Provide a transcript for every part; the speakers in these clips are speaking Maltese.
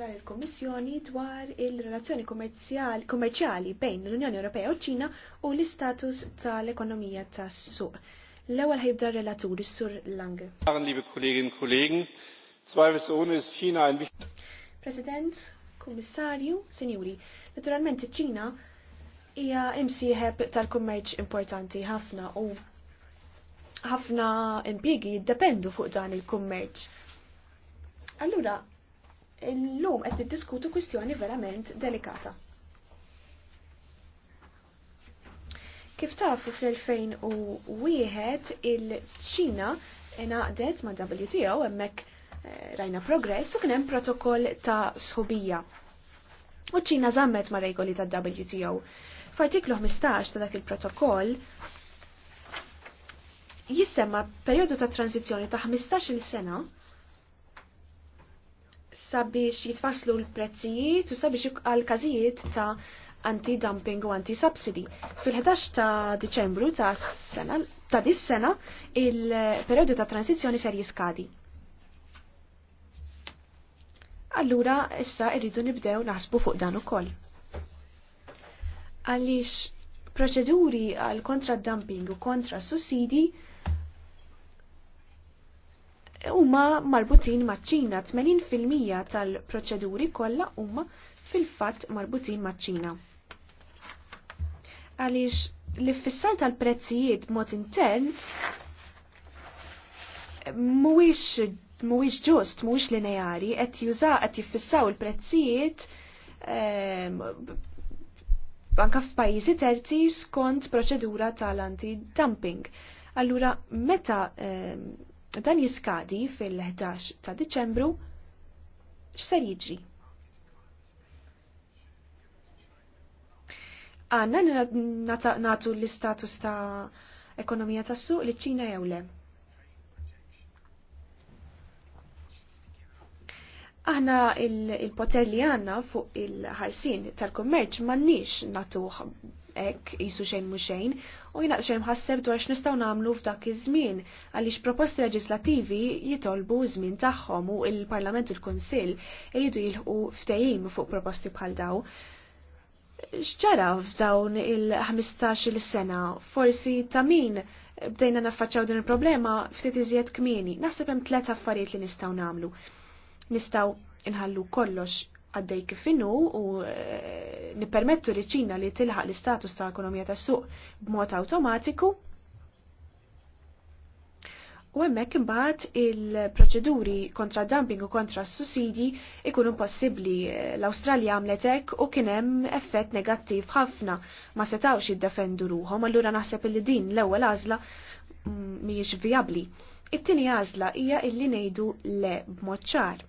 ra il-Kommissjoni dwar il-relazzjoni kommerċjali bejn l-Unjoni Ewropea u ċina u l-istatus tal-ekonomija tas-suq. L-ewwel ħibda relatur is-Sur Lange. China President, Kummissarju, Sinjuri, naturalment ċina hija imsieħeb tal-kummerċ importanti ħafna u ħafna impjiegi jiddependu fuq dan il-kummerċ. Allura, l-lum qed niddiskutu kwistjoni verament delikata. Kif tafu fl-2001 il-ċina inaqdet ma' WTO hemmhekk eh, rajna progress u kien hemm protokoll ta' sħubija. U ċina żammet ma' regoli ta' WTO. F'artiklu 15 ta' dak il-protokoll jissemma periodu ta' tranzizjoni ta' 15-il sena sabiex jitfaslu l-prezzijiet u sabiex għal każijiet ta' anti-dumping u anti-subsidy. Fil-11 ta' Diċembru ta' sena ta' dis-sena il-periodu ta' transizjoni ser jiskadi. Allura issa irridu nibdew naħsbu fuq dan ukoll. Għaliex proċeduri għal kontra dumping u kontra sussidi huma marbutin maċ-Ċina, 80% tal-proċeduri kollha huma fil-fatt marbutin maċ-Ċina. Għaliex l-iffissar tal-prezzijiet mod intern mhuwiex mhuwiex ġust, mhuwiex lineari, qed jużaw qed jiffissaw il-prezzijiet ehm, anka f'pajjiżi terzi skont proċedura tal-anti-dumping. Allura meta ehm, dan jiskadi fil-11 ta' Diċembru x'ser jiġri. Għanna natu l-istatus ta' ekonomija ta' suq li ċina jew le. Aħna il-poter li għanna fuq il-ħarsin tal-kommerċ mannix natuħ ek jisu xejn mu xejn u jina xejn mħasseb dwar x'nistgħu nagħmlu f'dak iż-żmien għaliex proposti leġislattivi jitolbu żmien tagħhom u il-Parlament u l-Kunsill iridu jilħu ftehim fuq proposti bħal daw. X'ċara f'dawn il-15 il sena forsi ta' min bdejna naffaċċaw din il-problema ftit iżjed kmieni. Naħseb hemm tliet affarijiet li nistgħu nagħmlu. Nistgħu inħallu kollox għaddej kifinu u eh, nipermettu li ċina li tilħaq l-istatus ta' ekonomija ta' suq b'mod automatiku. U hemmhekk imbagħad il-proċeduri kontra dumping u kontra s-sussidji ikunu possibbli l-Awstralja għamlet hekk u kien hemm effett negattiv ħafna ma setawx jiddefendu ruhom allura naħseb li din l-ewwel għażla mm, mhijiex vijabbli. It-tieni għażla hija illi ngħidu le b'mod ċar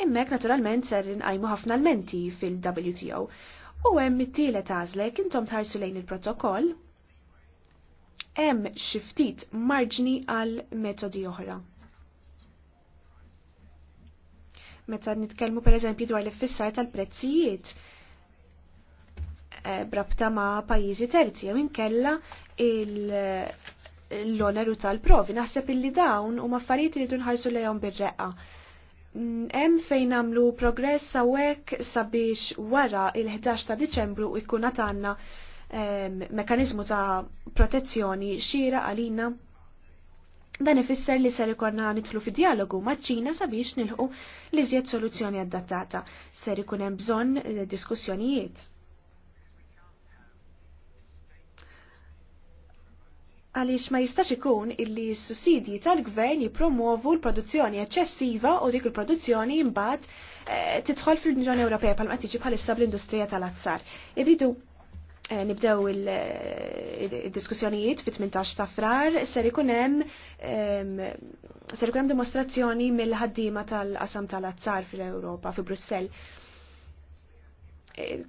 Immek naturalment ser nqajmu ħafna l-menti fil-WTO. U hemm it-tielet għażlek intom tħarsu lejn il-protokoll hemm xi ftit marġni għal metodi oħra. Meta nitkellmu pereżempju dwar l-iffissar tal-prezzijiet eh, brabta ma' pajjiżi terzi jew inkella l-oneru tal-provi. Naħseb illi dawn huma affarijiet li nħarsu lejhom bir-reqqa Hemm fejn nagħmlu progress hawnhekk sabiex wara il-11 ta' Diċembru ikkun għatanna ehm, mekanizmu ta' protezzjoni xira għalina dan ifisser li ser ikonna nidħlu fi dialogu ma' ċina sabiex nilħu li żjed soluzzjoni adattata. Ser ikun hemm bżonn eh, diskussjonijiet. għaliex ma jistax ikun illi s-sussidji tal-gvern jipromovu l-produzzjoni eċċessiva u dik il-produzzjoni imbagħad eh, tidħol fil-Unjoni Ewropea palma tiġi bħalissa bl-industrija tal-azzar. Irridu eh, nibdew il-diskussjonijiet eh, fit-18 ta' frar ser ikun hemm ser ikun hemm dimostrazzjoni mill-ħaddiema tal-qasam tal-azzar fil-Ewropa fi Brussell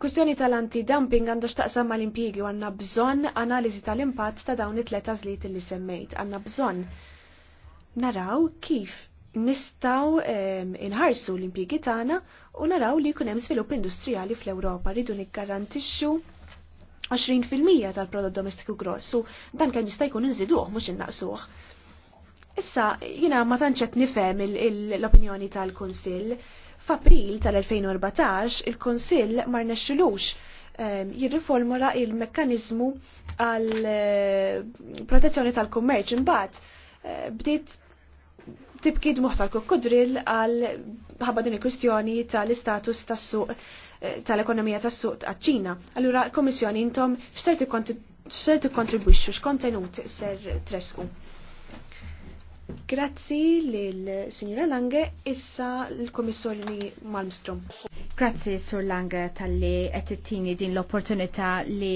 kustjoni tal tal-anti-dumping għandha x'taqsam mal-impjiegi u għandna bżonn analiżi tal-impatt ta' dawn it tleta għażliet li semmejt. Għanna bżonn naraw kif nistgħu inħarsu l-impjiegi tagħna u naraw li jkun hemm svilupp industrijali fl-Ewropa rridu nikgarantixxu 20% tal-prodott domestiku gross u dan kemm jista' jkun inżiduh mhux innaqsuh. Issa jiena ma tantx qed nifhem l-opinjoni tal-Kunsill F'April tal-2014 il-Konsill mar nexxilux ehm, jirriformula il mekkaniżmu għal eh, protezzjoni tal-kummerċ imbagħad eh, bdiet tibkid tal kokkodril għal ħabba din il-kwistjoni tal-istatus tas-suq eh, tal-ekonomija tas-suq taċ-Ċina. Allura l-Komissjoni intom x'ser tikkontribwixxu x'kontenut ser tresqu. Grazzi lill signora Lange, issa l komissorni Malmstrom. Grazzi Sur Lange tal-li għettini din l-opportunità li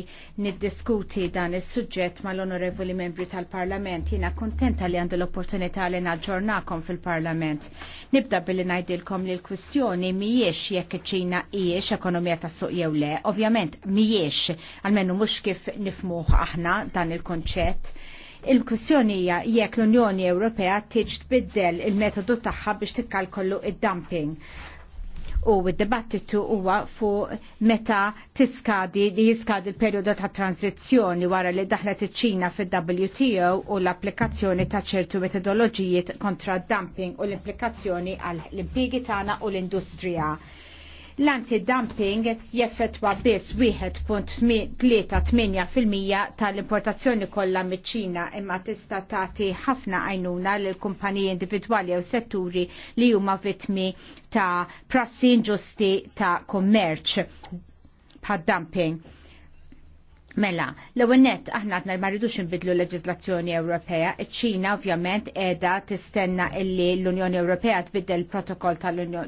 niddiskuti dan is suġġett ma l-onorevoli membri tal-Parlament. Jina kontenta li għandu l-opportunità li naġġornakom fil-Parlament. Nibda billi najdilkom li l-kwistjoni miex jekk ċina iex ekonomija ta' suq jew le. Ovvjament miex, għalmenu mux kif nifmuħ aħna dan il-konċett Il-kwistjoni hija jekk l-Unjoni Ewropea tiġ tbiddel il-metodu tagħha biex tikkalkollu id-dumping u id-dibattitu huwa fuq meta tiskadi li jiskadi l-perjodu ta' tranzizzjoni wara li daħlet iċ-Ċina fil-WTO u l-applikazzjoni ta' ċertu metodoloġijiet kontra d dumping u l-implikazzjoni għall impjiegi tagħna u l-industrija. L-anti-dumping jeffetwa biss 1.38% tal-importazzjoni kollha miċ-Ċina imma tista' tagħti ħafna għajnuna lil kumpaniji individwali jew setturi li huma vittmi ta' prassi inġusti ta' kummerċ bħad dumping Mela, l net aħna għadna ma rridux nbidlu leġizlazzjoni Ewropea, ċina ovvjament edha tistenna illi l-Unjoni Ewropea tbiddel protokoll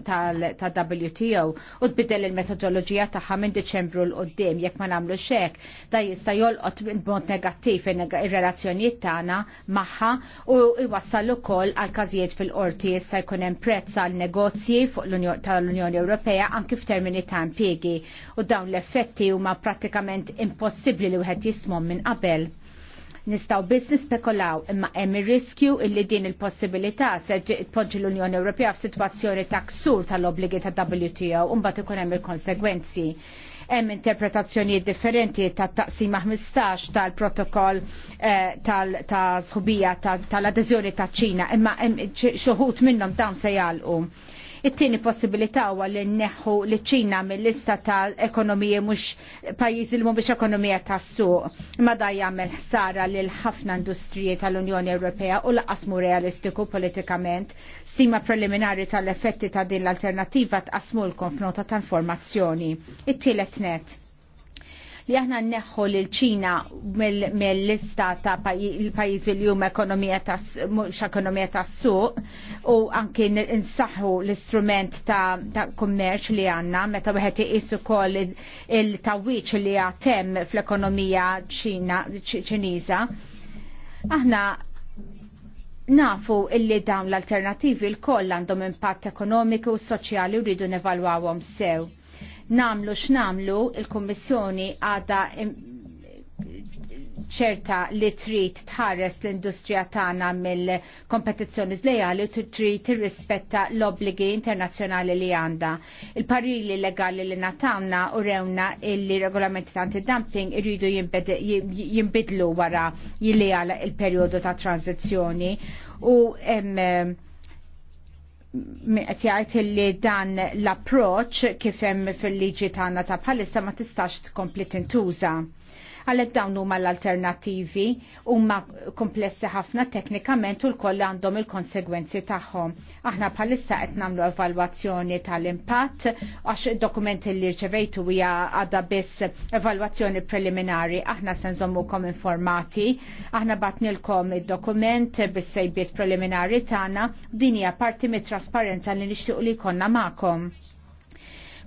tal-WTO u tbiddel il-metodologija tagħha minn Deċembru l-qoddim jekk ma nagħmlu xek, da jista' jolqot b'mod negattiv ir-relazzjonijiet tagħna magħha u jwassallu ukoll għal każijiet fil-qorti jista' jkun hemm prezz għal negozji fuq tal-Unjoni Ewropea anki f'termini ta' impjiegi u dawn l-effetti huma prattikament impossibbli possibli li wieħed jismom minn qabel. Nistaw biss nispekulaw imma hemm ir-riskju illi din il-possibilità se tpoġġi l-Unjoni Ewropea f'sitwazzjoni ta' ksur tal-obbligi ta' WTO u mbagħad ikun hemm il-konsegwenzi hemm interpretazzjonijiet differenti ta' taqsima 15 tal-protokoll eh, ta' sħubija tal-adeżjoni ta' ċina, imma hemm xuħut minnhom dawn se jgħalqu. It-tieni possibilità huwa li nneħħu li ċina mill-lista ta' ekonomija mhux pajjiżi li mhumiex ekonomija tas-suq. ma da jagħmel ħsara lil ħafna industriji tal-Unjoni Ewropea u laqas mu realistiku politikament. Stima preliminari tal-effetti ta' din l-alternattiva l f'nota ta' informazzjoni. It-tielet net li aħna neħħu l ċina mill-lista ta' pajjiżi li huma ekonomija ta' tas-suq u anki nsaħħu l-istrument ta' kummerċ li għandna meta wieħed iqis ukoll il-tawwiċ li għatem fl-ekonomija ċiniża. Aħna nafu illi dawn l-alternativi l-koll għandhom impatt ekonomiku u soċjali u rridu nevalwawhom sew namlu x'namlu il-Kummissjoni għada ċerta li trid tħares l-industrija tagħna mill-kompetizzjoni żlejali u trid tirrispetta l-obbligi internazzjonali li għandha. Il-parili legali li natamna u rewna illi regolamenti ta' antidumping irridu jinbidlu wara jilli għala il-perjodu ta' tranzizzjoni u em, qed jgħid li dan l-approċ kif hemm fil-liġi tagħna ta' bħalissa ma tistax tkompli tintuża għalhekk dawn huma l-alternattivi huma komplessi ħafna teknikament u l-koll għandhom il-konsegwenzi tagħhom. Aħna bħalissa qed nagħmlu evalwazzjoni tal-impatt għax id-dokumenti li rċevejtu hija għadha biss evalwazzjoni preliminari. Aħna se nżommukom informati, aħna batnilkom id-dokument bis-sejbiet preliminari tagħna din hija parti mit-trasparenza li nixtiequ li jkollna magħkom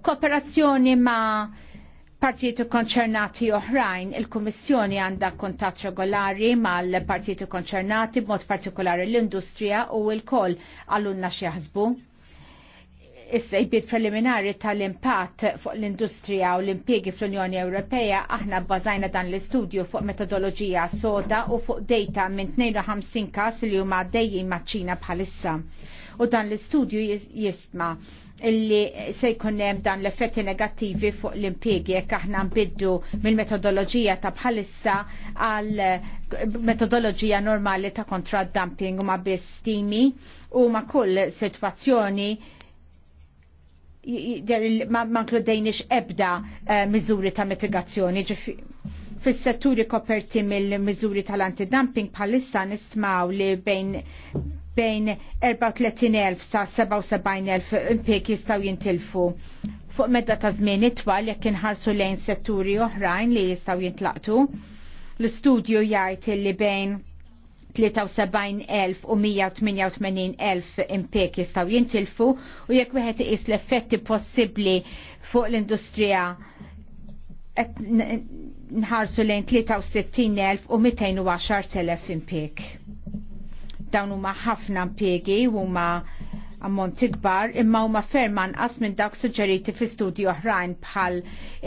kooperazzjoni ma' partijiet konċernati oħrajn, il-Kummissjoni għandha kuntatt regolari mal partitu konċernati b'mod partikolari l-industrija u l-koll għallunna xieħzbu. Issa jbiet preliminari tal-impatt fuq l-industrija u l-impiegi fl-Unjoni Ewropea aħna bbażajna dan l-istudju fuq metodoloġija soda u fuq data minn 52 kas li huma dejjin maċ-Ċina bħalissa u dan l-istudju jisma illi se jkunem dan l-effetti negattivi fuq l-impiegi jekk aħna nbiddu mill-metodoloġija ta' bħalissa għal metodoloġija normali ta' kontra dumping u ma' bestimi u ma' kull situazzjoni ma nkludejniex ebda eh, miżuri ta' mitigazzjoni fis-setturi koperti mill-miżuri tal-antidumping bħalissa nistmaw li bejn bejn 34.000 sa 77.000 impjeg jistgħu jintilfu. Fuq medda ta' żmien itwal jekk inħarsu lejn setturi oħrajn li jistgħu jintlaqtu. L-istudju jgħid li bejn 73.000 u 188.000 impjeg jistgħu jintilfu u jekk wieħed is l-effetti possibbli fuq l-industrija nħarsu lejn 63.000 u 210.000 impjeg. Dawn huma ħafna mpiegi huma ammonti kbar imma huma ferm anqas minn dawk suġġeriti fi studji oħrajn bħal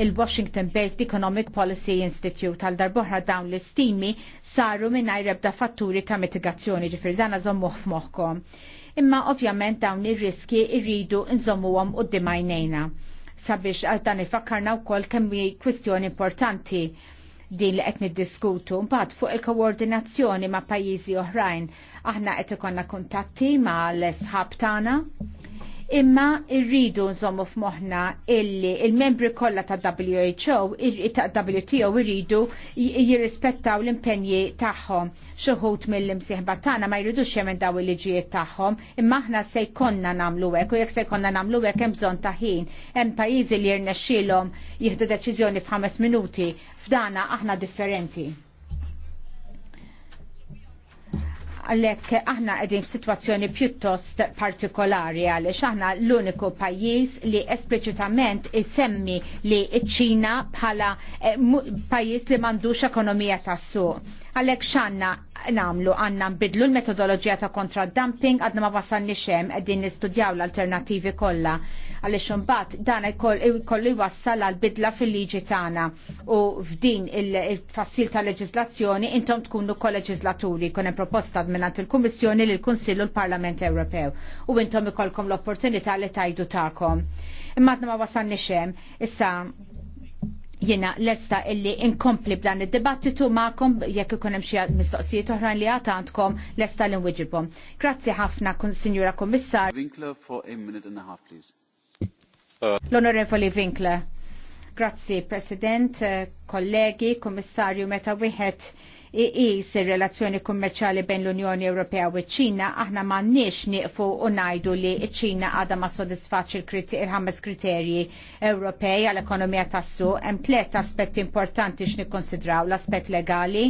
il-Washington Based Economic Policy Institute għal darboħra dawn l-istimi saru mingħajr ebda fatturi ta' mitigazzjoni ġifieri dan żommuh f'moħħkom. Imma ovvjament dawn ir-riski rridu nżommuhom quddiem dimajnejna sabiex għal dan ifakkarna wkoll kemm kwistjoni importanti din li qed niddiskutu mbagħad fuq il-koordinazzjoni ma' pajjiżi oħrajn aħna qed ikollna kuntatti mal-sħab tagħna imma irridu nżommu f'moħħna illi il-membri kollha ta' WHO ta' WTO irridu jirrispettaw l-impenji tagħhom xi wħud mill-imsieħba tagħna ma jridux jemendaw il-liġijiet tagħhom imma aħna se jkollna nagħmlu hekk u jekk se jkollna nagħmlu hekk hemm bżonn ta' ħin. Hemm pajjiżi li jirnexxielhom jieħdu deċiżjoni f'ħames minuti f'dana aħna differenti. għalhekk aħna qegħdin f'sitwazzjoni pjuttost partikolari għaliex aħna l-uniku pajjiż li espliċitament isemmi li ċina bħala eh, pajjiż li m'għandux ekonomija tassu. Għalhekk x'għandna namlu għandna nbidlu l-metodoloġija ta' kontra-dumping għadna ma wasan xem qegħdin nistudjaw l-alternattivi kollha għaliex imbagħad dan kollu jwassal għal bidla fil-liġi tagħna u f'din il-fassil ta' leġislazzjoni intom tkunu kol-leġizlaturi hemm proposta minant il-Kummissjoni l kunsill u l-Parlament Ewropew u intom ikolkom l-opportunità li tajdu tagħkom. Imma għadna ma wasan nixem issa jina lesta illi inkompli b'dan id-dibattitu ma'kom jekk ikun hemm xi mistoqsijiet oħrajn li għad għandkom lesta li nwiġibhom. Grazzi ħafna kun Sinjura Kommissar. Winkler for uh. Winkler. Grazzi President, eh, kollegi, Kommissarju meta wieħed iqis ir-relazzjoni kummerċali bejn l-Unjoni Ewropea u ċ-Ċina, aħna m'għandniex nieqfu u ngħidu li ċ-Ċina għadha ma sodisfaċ il-ħames kriterji Ewropej għall-ekonomija tas-suq hemm tliet aspetti importanti x'nikkonsidraw l-aspett legali,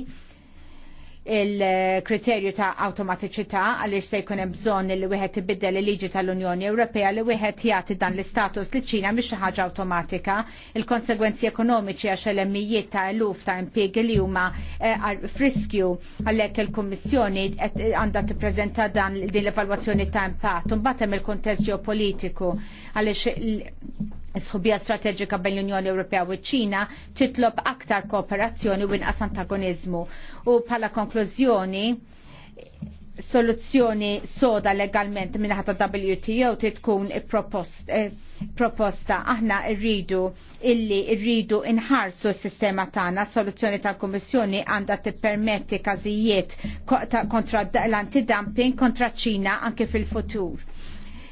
il-kriterju ta' automaticità għaliex se jkun hemm bżonn li wieħed ibiddel il-liġi tal-Unjoni Ewropea li wieħed jagħti dan l-istatus li ċina mhix xi ħaġa awtomatika. Il-konsegwenzi ekonomiċi għax elemmijiet ta' eluf ta' impjiegi li huma eh, friskju għalhekk il-Kummissjoni eh, għandha tippreżenta dan din l-evalwazzjoni ta' impatt. Imbagħad hemm il-kuntest ġeopolitiku għaliex Sħubija strateġika bejn l-Unjoni Ewropea u ċ-Ċina titlob aktar kooperazzjoni u inqas antagonizmu. U bħala konklużjoni, soluzzjoni soda legalment minn ħata WTO titkun eh, proposta. Aħna rridu illi rridu inħarsu s-sistema tagħna, soluzzjoni tal-Kummissjoni għandha tippermetti każijiet kontra l-antidumping kontra ċina anke fil-futur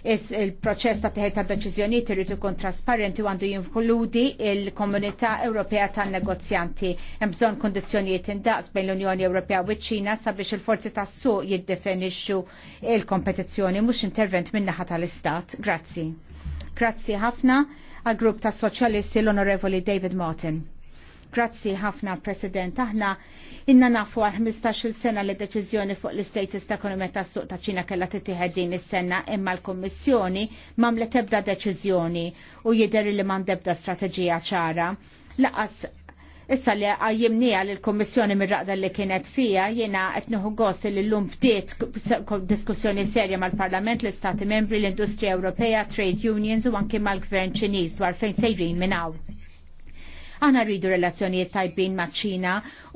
il-proċess ta' teħet ta' deċiżjonijiet irid ikun trasparenti għandu jinkludi il-Komunità Ewropea tan-Negozjanti. Hemm bżonn kundizzjonijiet indaqs bejn l-Unjoni Ewropea u ċ-Ċina sabiex il-forzi tas-suq jiddefinixxu il-kompetizzjoni mhux intervent min-naħa tal-Istat. Grazzi. Grazzi ħafna għal grupp tas soċjalisti l-Onorevoli David Martin. Grazzi ħafna, President. Aħna inna nafu għal 15 sena li deċiżjoni fuq l-istatus ta' ekonomija ta' suq ta' ċina kella titieħed din is-sena imma l-Kummissjoni li ebda deċiżjoni u jidher li mam debda strateġija ċara. Laqas Issa li għajjimnija li l-Kommissjoni mir-raqda li kienet fija, jena etnuħu gost li l-lum bdiet diskussjoni serja mal-Parlament, l-Stati membri, l-Industrija Ewropea, Trade Unions u anki mal-Gvern Ċiniż dwar fejn sejrin hawn. Aħna rridu relazzjonijiet tajbin ma' ċina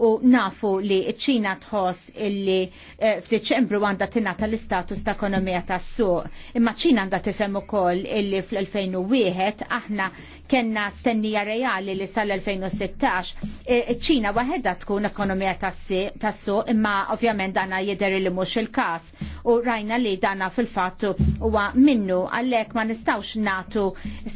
u nafu li ċina tħoss illi eh, f'Diċembru għandha tingħata l-istatus ta' ekonomija tas-suq. Imma ċina għandha tifhem ukoll illi fl-2001 aħna kena stennija reali li sal-2016 e, e, ċina waħedha tkun ekonomija tassu imma ovvjament dana jidher li mhux il-każ u rajna li dana fil-fatt huwa minnu għalhekk ma nistgħux natu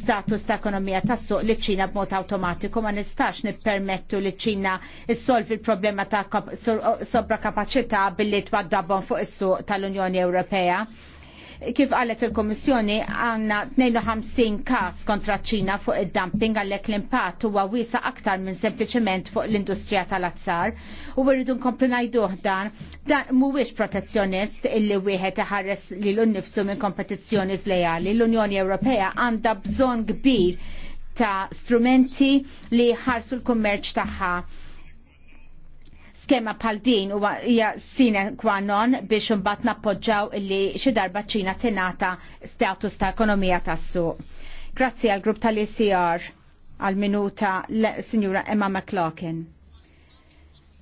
status ta' ekonomija tassu li ċina b'mod awtomatiku ma nistax nippermettu li ċina issolvi il-problema ta' sobra kapaċità billi twaddabhom fuq is-suq tal-Unjoni Ewropea. Kif qalet il-Kommissjoni għanna 52 kas kontra ċina fuq id-dumping għallek l-impatt huwa wiesa aktar minn sempliċement fuq l-industrija tal-azzar u rridu nkompli ngħiduh dan dan mhuwiex protezzjonist illi wieħed iħares lil nnifsu minn kompetizzjoni zlejali. L-Unjoni Ewropea għandha bżonn kbir ta' strumenti li ħarsu l-kummerċ tagħha skema bħal din huwa hija sine qua non biex imbagħad nappoġġaw li xi darba ċina tingħata status ta' ekonomija tas-suq. Grazzi għal grupp tal-ECR għal minuta l-Sinjura Emma McLaughlin.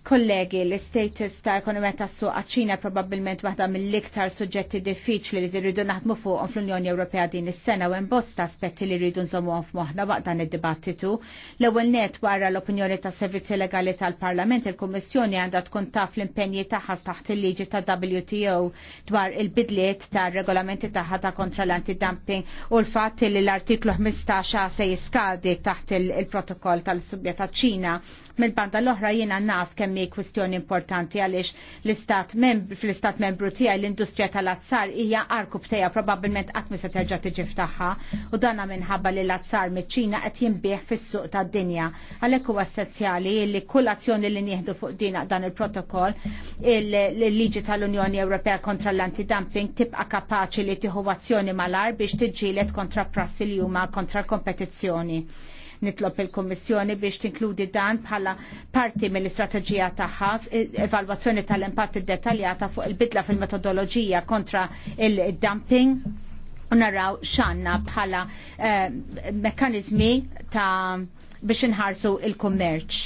Kollegi, l-status ta' ekonomija ta' suq ċina probabbilment waħda mill-iktar suġġetti diffiċli li rridu naħdmu fuqhom fl-Unjoni Ewropea din is-sena u hemm bosta aspetti li rridu nżommuhom f'moħħna waqt dan id-dibattitu. L-ewwel net wara l-opinjoni tas servizzi legali tal-Parlament il-Kummissjoni għandha tkun taf l-impenji tagħha taħt il-liġi ta' WTO dwar il-bidliet ta' regolamenti tagħha ta' kontra l-antidumping u l-fatt li l-artiklu 15 se jiskadi taħt il-protokoll tal-subja ta' ċina. Mill-banda l-oħra jiena naf kemm semmi kwistjoni importanti għaliex l-istat membru fl-istat membru tiegħi l-industrija tal-azzar hija arku btejja probabbilment qatt ma se terġa' tiġi ftaħħa u danna minħabba li l-azzar miċ-Ċina qed jinbih fis-suq tad-dinja. Għalhekk huwa essenzjali li kull azzjoni li nieħdu fuq din dan il-protokoll il-liġi tal-Unjoni Ewropea kontra l-antidumping tibqa' kapaċi li tieħu azzjoni malar biex tiġġieled kontra prassi li huma kontra l-kompetizzjoni. Nitlob il-Kommissjoni biex tinkludi dan bħala parti mill-istrateġija tagħha evalwazzjoni tal-impatt iddettaljata fuq il-bidla fil-metodoloġija kontra il-dumping u naraw xanna bħala eh, mekkanizmi ta' biex inħarsu il-kummerċ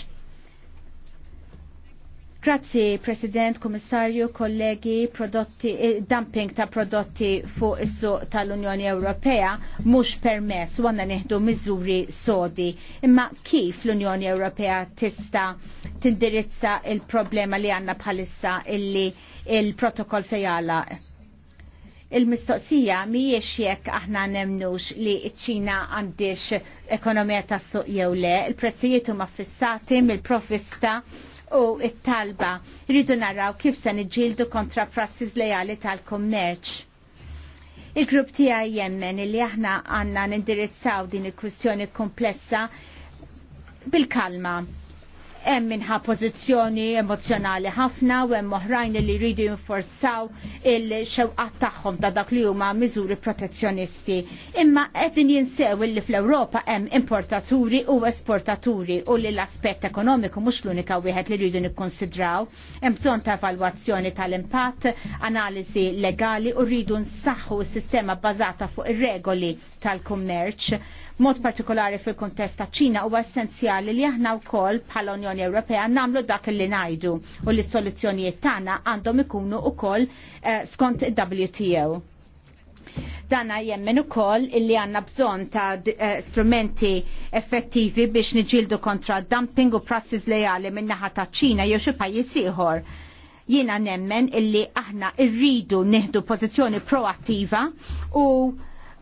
Grazzi, President, Komissarju, kollegi, prodotti, eh, dumping ta' prodotti fuq is-suq tal-Unjoni Ewropea mhux permess u għanna nieħdu miżuri sodi. Imma kif l-Unjoni Ewropea tista' tindirizza il-problema li għandna bħalissa illi il-protokoll se jala? il-mistoqsija mhijiex jekk aħna nemnux li ċ-Ċina għandix ekonomija tas-suq jew le, il-prezzijiet huma fissati mill profista u it-talba. Rridu naraw kif se niġġieldu kontra prassis lejali tal-kummerċ. Il-grupp tiegħi jemmen li aħna għandna nindirizzaw din il-kwistjoni komplessa bil-kalma hemm minħa pożizzjoni emozjonali ħafna u hemm oħrajn li jridu jinforzaw il-xewqat tagħhom ta' dak li huma miżuri protezzjonisti. Imma qed jinsew li fl-Ewropa hemm importaturi u esportaturi u li l-aspett ekonomiku mhux l-unika wieħed li rridu nikkonsidraw. Hemm bżonn ta' evalwazzjoni tal-impatt, analiżi legali u rridu nsaħħu s-sistema bbażata fuq ir-regoli tal-kummerċ mod partikolari fil-kontest ta' ċina huwa essenzjali li aħna wkoll bħala Unjoni Ewropea nagħmlu dak li ngħidu u li s-soluzzjonijiet tagħna għandhom ikunu wkoll eh, skont WTO. Dana jemmen ukoll illi għanna bżon ta' eh, strumenti effettivi biex niġildu kontra dumping u prassis lejali minnaħa ta' ċina jew xi pajjiż ieħor jiena nemmen illi aħna rridu nieħdu pożizzjoni proattiva u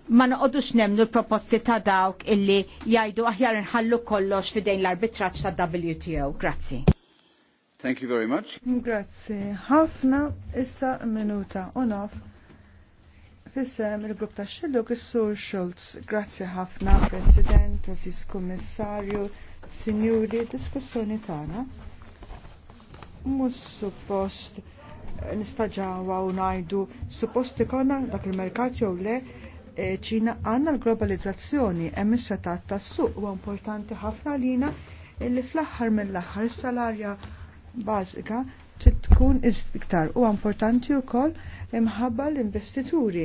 ma noqodux nemnu l-proposti ta' dawk illi jajdu aħjar nħallu kollox fidejn l-arbitraċ ta' WTO. Grazzi. Thank you very much. Grazzi. Ħafna issa minuta unof. Fissem il-grupp ta' xillu kissur Schultz. Grazzi ħafna, President, Aziz Kommissarju, Signuri, diskussjoni tagħna. Mus suppost nistaġawa u suppost ikona dak il-merkat jew le ċina għanna l-globalizzazzjoni hemm is-setat tas-suq huwa importanti ħafna lina illi fl-aħħar mill-aħħar salarja bażika trid tkun iktar huwa importanti wkoll imħabba l-investituri.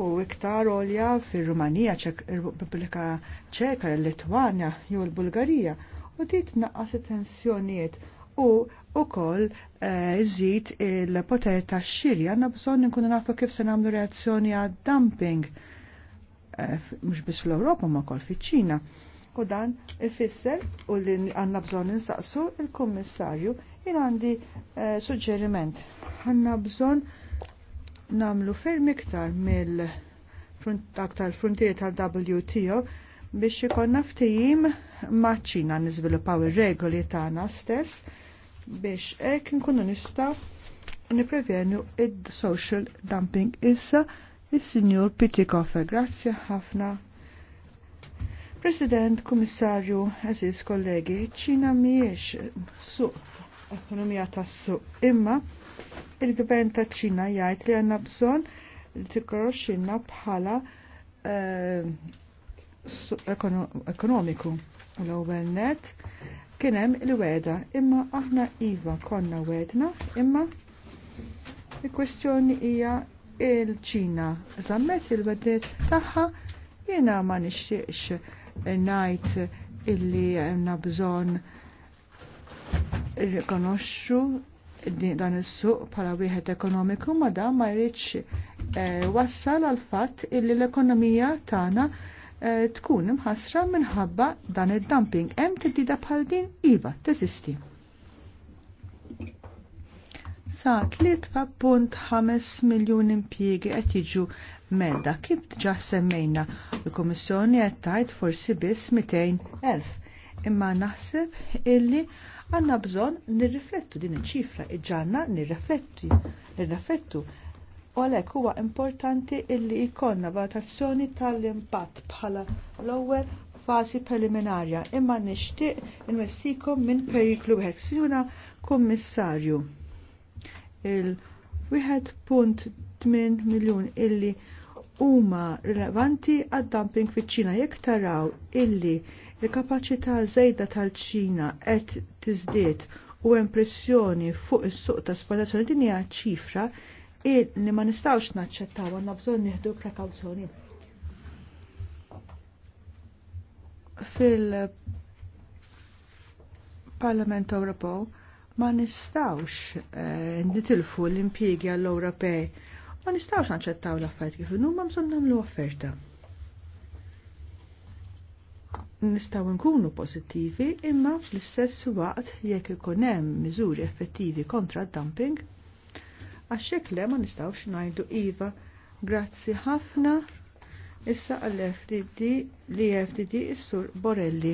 U iktar olja fir-Rumanija, Repubblika Ċeka, l-Litwanja jew l-Bulgarija u dit naqqas it-tensjonijiet u ukoll eh, iżid il-poter tax xiri għandna bżonn nkunu nafu kif se nagħmlu reazzjoni għad dumping eh, mhux biss fl-Ewropa ma wkoll fiċ-Ċina. U dan ifisser u li għandna bżonn insaqsu il-Kummissarju jien għandi eh, suġġeriment. għanna bżonn nagħmlu ferm iktar mill aktar frontieri tal-WTO biex ikonna ftijim maċċina ċina niżviluppaw ir-regoli tagħna stess biex hekk nkunu nista' niprevenu id-social dumping issa il-Sinjur Pitikofer. Grazzi ħafna. President, Komissarju, Aziz, kollegi, ċina miex suq ekonomija tas-suq imma il-gvern ta' ċina jgħid li għanna bżonn li tikkonoxxinna bħala uh, ekonomiku. L-ewwel net kien hemm il-weda, imma aħna iva konna wedna, imma il-kwestjoni hija il-ċina żammet il-wedet tagħha jiena ma nixtieqx ngħid illi hemm bżonn rikonoxxu dan is-suq bħala wieħed ekonomiku ma dan ma jridx eh, wassal għal fatt illi l-ekonomija tagħna Eh, tkun imħassra minħabba dan id-dumping. Hemm tiddida bħal din iva teżisti. Sa 3.5 miljun impjiegi qed jiġu medda kif diġà semmejna l-Kummissjoni qed tgħid forsi biss 200 elf. Imma naħseb illi għandna bżonn nirriflettu din iċ-ċifra iġġanna nirriflettu nirriflettu U għalhekk huwa importanti illi jkollna valutazzjoni tal-impatt bħala l-ewwel fażi preliminarja imma nixtieq inwessikom minn periklu wieħed. Sinuna Kummissarju, il-1.8 miljun illi huma rilevanti għad-dumping fiċ-Ċina jekk taraw illi l-kapaċità żejda tal-Ċina qed tiżdied u impressjoni fuq is-suq ta' sportazzjoni din hija ċifra li ma nistawx naċċettaw għanna bżonn nieħdu prekawzjoni. Fil-Parlament Ewropew ma nistawx eh, nitilfu l-impjiegi għall-Ewropej. Ma nistawx naċċettaw l-affarijiet kif huma bżon nagħmlu offerta nistaw nkunu pozittivi imma fl-istess waqt jekk ikun hemm miżuri effettivi kontra d-dumping, Għaxek le ma nistawx najdu Iva. Grazzi ħafna. Issa għall-FDD li FDD is-sur Borelli.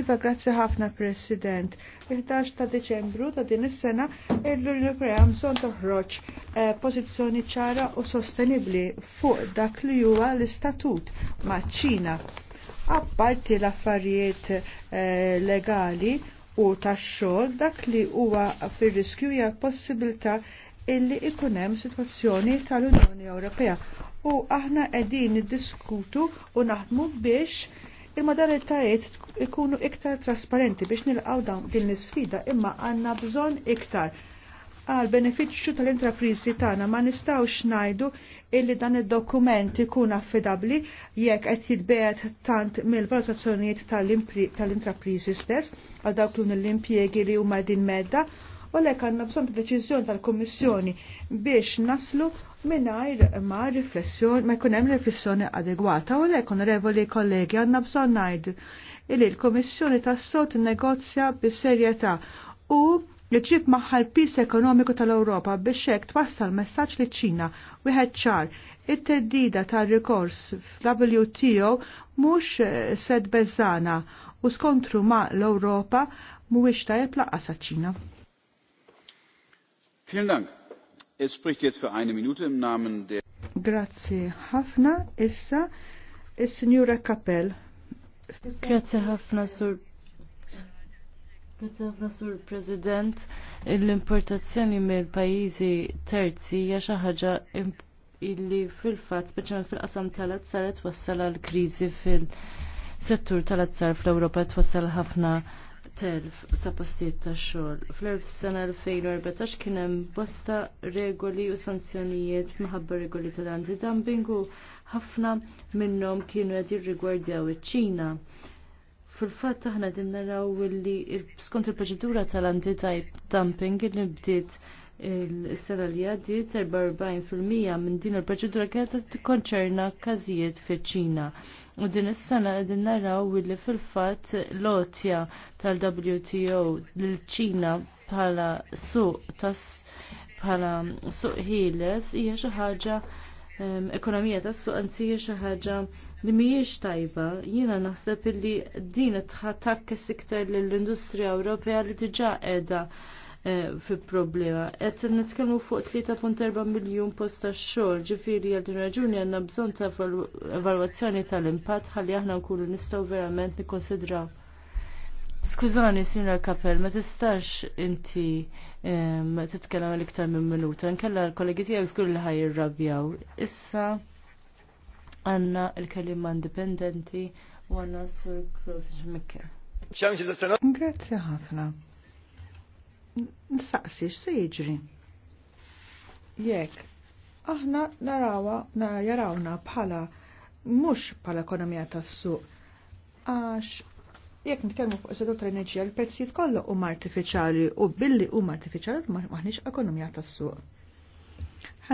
Iva, grazzi ħafna, President. 11 ta' Deċembru ta' din is-sena l-Unjoni son bżonn toħroġ eh, pożizzjoni ċara u sostenibbli fuq dak li huwa l-istatut ma' ċina. Apparti l-affarijiet eh, legali u tax-xogħol dak li huwa fir-riskju hija possibilità illi ikun hemm sitwazzjoni tal-Unjoni Ewropea u aħna qegħdin niddiskutu u naħdmu biex il-modalitajiet ikunu iktar trasparenti biex nilqaw dawn din l-sfida imma għanna bżon iktar għal beneficju tal-intraprizi tagħna ma nistgħux ngħidu illi dan id-dokument ikun affidabbli jekk qed jitbeet tant mill-valutazzjonijiet tal-intraprizi stess għal dawk l-impjegi li huma din medda u lek għanna bżon ta' deċiżjoni tal-Kommissjoni biex naslu minnajr ma' riflessjoni, ma' jkunem riflessjoni adegwata u lek onorevoli kollegi għanna bżon najd illi l-Kommissjoni ta' sot negozja bis-serjetà u jġib ġib maħħal pis ekonomiku tal-Europa biex hekk twassal messaġġ li ċina wieħed ċar it-teddida tar-rikors f'WTO mhux eh, sed bezzana u skontru ma' l-Europa mhuwiex tajjeb laqqas ċina. Vielen Dank. Es spricht jetzt für eine Minute im Namen der. Grazie ħafna issa is-Sinjura Grazie ħafna sur Grazie ħafna sur President. L-importazzjoni mill terzi hija xi ħaġa illi fil-fatt speċjalment fil-qasam tal-azzar twassal għal kriżi fil-settur tal-azzar fl-Ewropa twassal ħafna telf ta' postijiet ta' xogħol. Fl-sena 2014 kien hemm bosta regoli u sanzjonijiet minħabba regoli tal-antidumping u ħafna minnhom kienu qed jirrigwardjaw iċ-Ċina. Fil-fatt aħna din naraw li skont il-proċedura tal-antidumping li bdiet il-sena li għaddiet 44% minn din il-proċedura kienet tikkonċerna każijiet fiċ-Ċina. U din is-sena qegħdin naraw li fil-fatt lotja tal-WTO lil-Ċina bħala suq tas bħala suq ħieles hija xi ħaġa ehm, ekonomija tas-suq anzi hija xi ħaġa li mhijiex tajba, jiena naħseb illi din tħatakk iktar lill-industrija Ewropea li diġà qiegħda Eh, fi problema. Qed nitkellmu fuq 3.4 miljun post tax-xogħol, ġifieri għal din raġuni għandna bżonn ta' evalwazzjoni tal-impatt ħalli aħna nkunu nistgħu verament nikkonsidraw. Skużani, Sinra Kapel, ma tistax inti eh, titkellem l-iktar minn minuta. Nkella l-kollegi tiegħek żgur li ħaj irrabjaw. Issa għandna l-kelima indipendenti u għandna Sur Krofġ Mikker. Grazie ħafna nsaqsi x'se jiġri. Jekk aħna narawa na jarawna bħala mhux bħala ekonomija tas-suq għax jekk nitkellmu fuq is-settur tal-enerġija l-prezzijiet kollha huma artifiċjali u billi huma artifiċjali maħniex ekonomija tas-suq.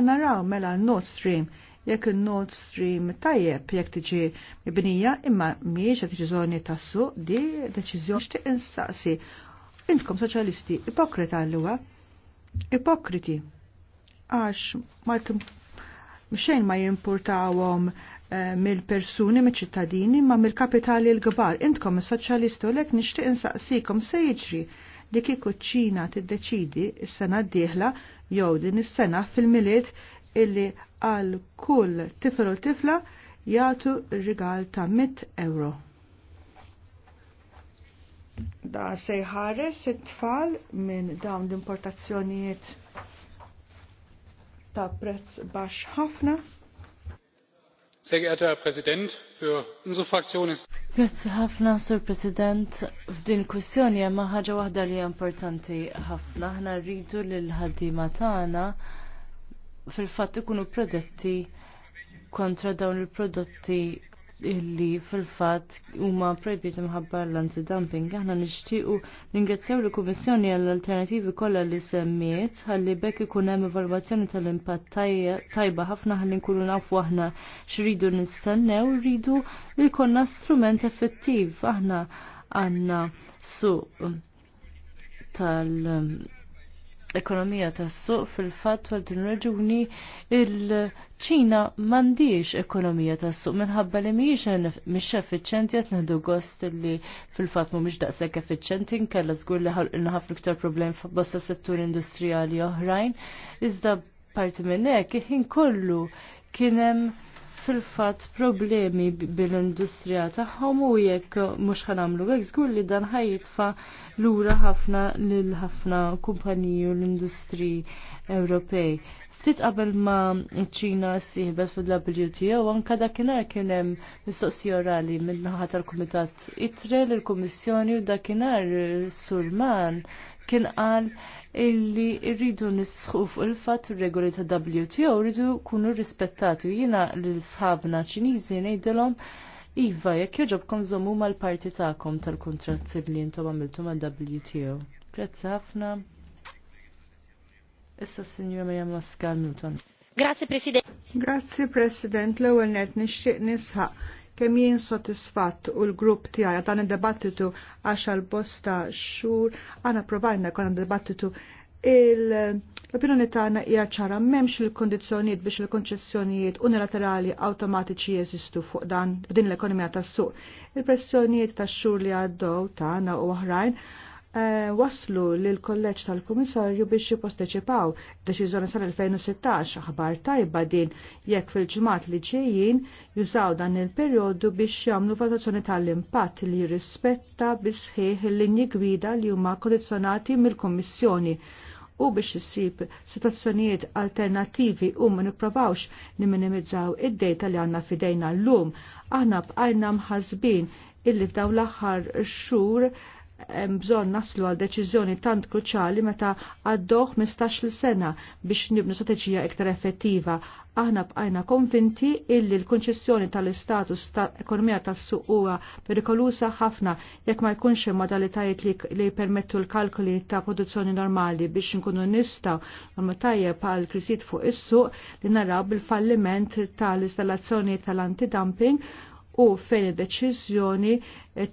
naraw mela Nord Stream jekk il-Nord Stream tajjeb jekk tiġi mibnija imma miex qed tiġi tas tassu di deċiżjoni xtieq insaqsi Intkom soċjalisti ipokrita allura. Ipokriti. Għax ma xejn ma jimpurtawhom eh, mill-persuni, mill-ċittadini, ma mill-kapitali l-gbar. Intkom soċjalisti u lek nixtieq insaqsikom se jiġri li kieku ċina t-deċidi s-sena d-dieħla jew din is-sena fil-miliet illi għal kull tifel u tifla jagħtu rigal ta' 100 euro da sej jħares it-tfal minn dawn l-importazzjonijiet ta' prezz baxx ħafna. Sehr geehrter Herr Präsident, für unsere Fraktion ist Grazzi ħafna, Sur President. F'din kwissjoni hemm ħaġa waħda li hija importanti ħafna. Aħna rridu l ħaddiema tagħna fil-fatt ikunu prodotti kontra dawn il-prodotti illi fil-fat huma projbiet imħabbar l-antidumping. Aħna nixtiequ ningrazzjaw l kummissjoni għall-alternativi kollha li semmiet ħalli bekk ikun hemm evalwazzjoni tal-impatt tajba ħafna ħalli nkunu nafu aħna x'ridu nistennew, rridu li jkollna strument effettiv aħna għandna suq tal- ekonomija tas-suq fil-fatt għal din raġuni il-ċina m'għandix ekonomija tas-suq minħabba li mhijiex mhix effiċenti qed neħdu gost li fil-fatt mhumiex daqshekk effiċenti. nkella żgur li ħalqilna ħafna iktar problemi f'bosta settur industrijali oħrajn iżda parti minn hekk il-ħin kollu kien hemm fil-fat problemi bil-industrija tagħhom u jekk mhux ħanamlu hekk żgur li dan ħajjitfa' lura ħafna lil ħafna kumpaniji u l-industriji Ewropej. Ftit qabel ma ċina siħbet fil-WTO, anka dakinhar kien hemm mistoqsija orali min-naħa tal-Kumitat ITRE l-Kummissjoni u dakinar Surman kien qal illi rridu nisħu fuq il-fatt regoli ta' WTO rridu kunu rispettati jina l-sħabna ċiniżi nejdilom iva jekk joġobkom żommu mal-parti tagħkom tal kontrat li jintom għamiltu mal-WTO. Grazzi ħafna. Issa Sinjura Maria Maskal Newton. Grazie President. Grazie President, l-ewwel net nixtieq nisħaq kemm jien sodisfatt u l-grupp tiegħi dan id-dibattitu għax għal bosta xhur għana provajna kon dibattitu l-opinjoni tagħna hija ċara m'hemmx il-kondizzjonijiet biex il-konċessjonijiet unilaterali awtomatiċi jeżistu fuq dan din l-ekonomija tas-suq. Il-pressjonijiet tax-xhur li għaddew tagħna u oħrajn Eh, waslu lil kolleġġ tal-Kummissarju biex jipposteċipaw deċiżjoni sal-2016 aħbar tajba din jekk fil-ġmat li ġejjin jużaw dan il-perjodu biex jagħmlu valutazzjoni tal-impatt li jirrispetta bisħieħ il-linji gwida li huma kondizzjonati mill-Kummissjoni u biex issib situazzjonijiet alternativi u ma nipprovawx niminimizzaw id-dejta li għanna fidejna l-lum. Aħna bqajna mħazbin illi f'daw l-aħħar xhur bżon naslu għal deċiżjoni tant kruċali meta għaddoħ 15 sena biex nibnu strateġija iktar effettiva. Aħna bqajna konvinti illi l-konċessjoni tal-istatus ta' ekonomija tas suq huwa perikolusa ħafna jekk ma jkunx hemm modalitajiet li jpermettu l-kalkoli ta' produzzjoni normali biex nkunu nistgħu norma tajjeb għal krisijiet fuq is-suq li naraw bil-falliment tal-installazzjoni tal-antidumping u fejn id-deċiżjoni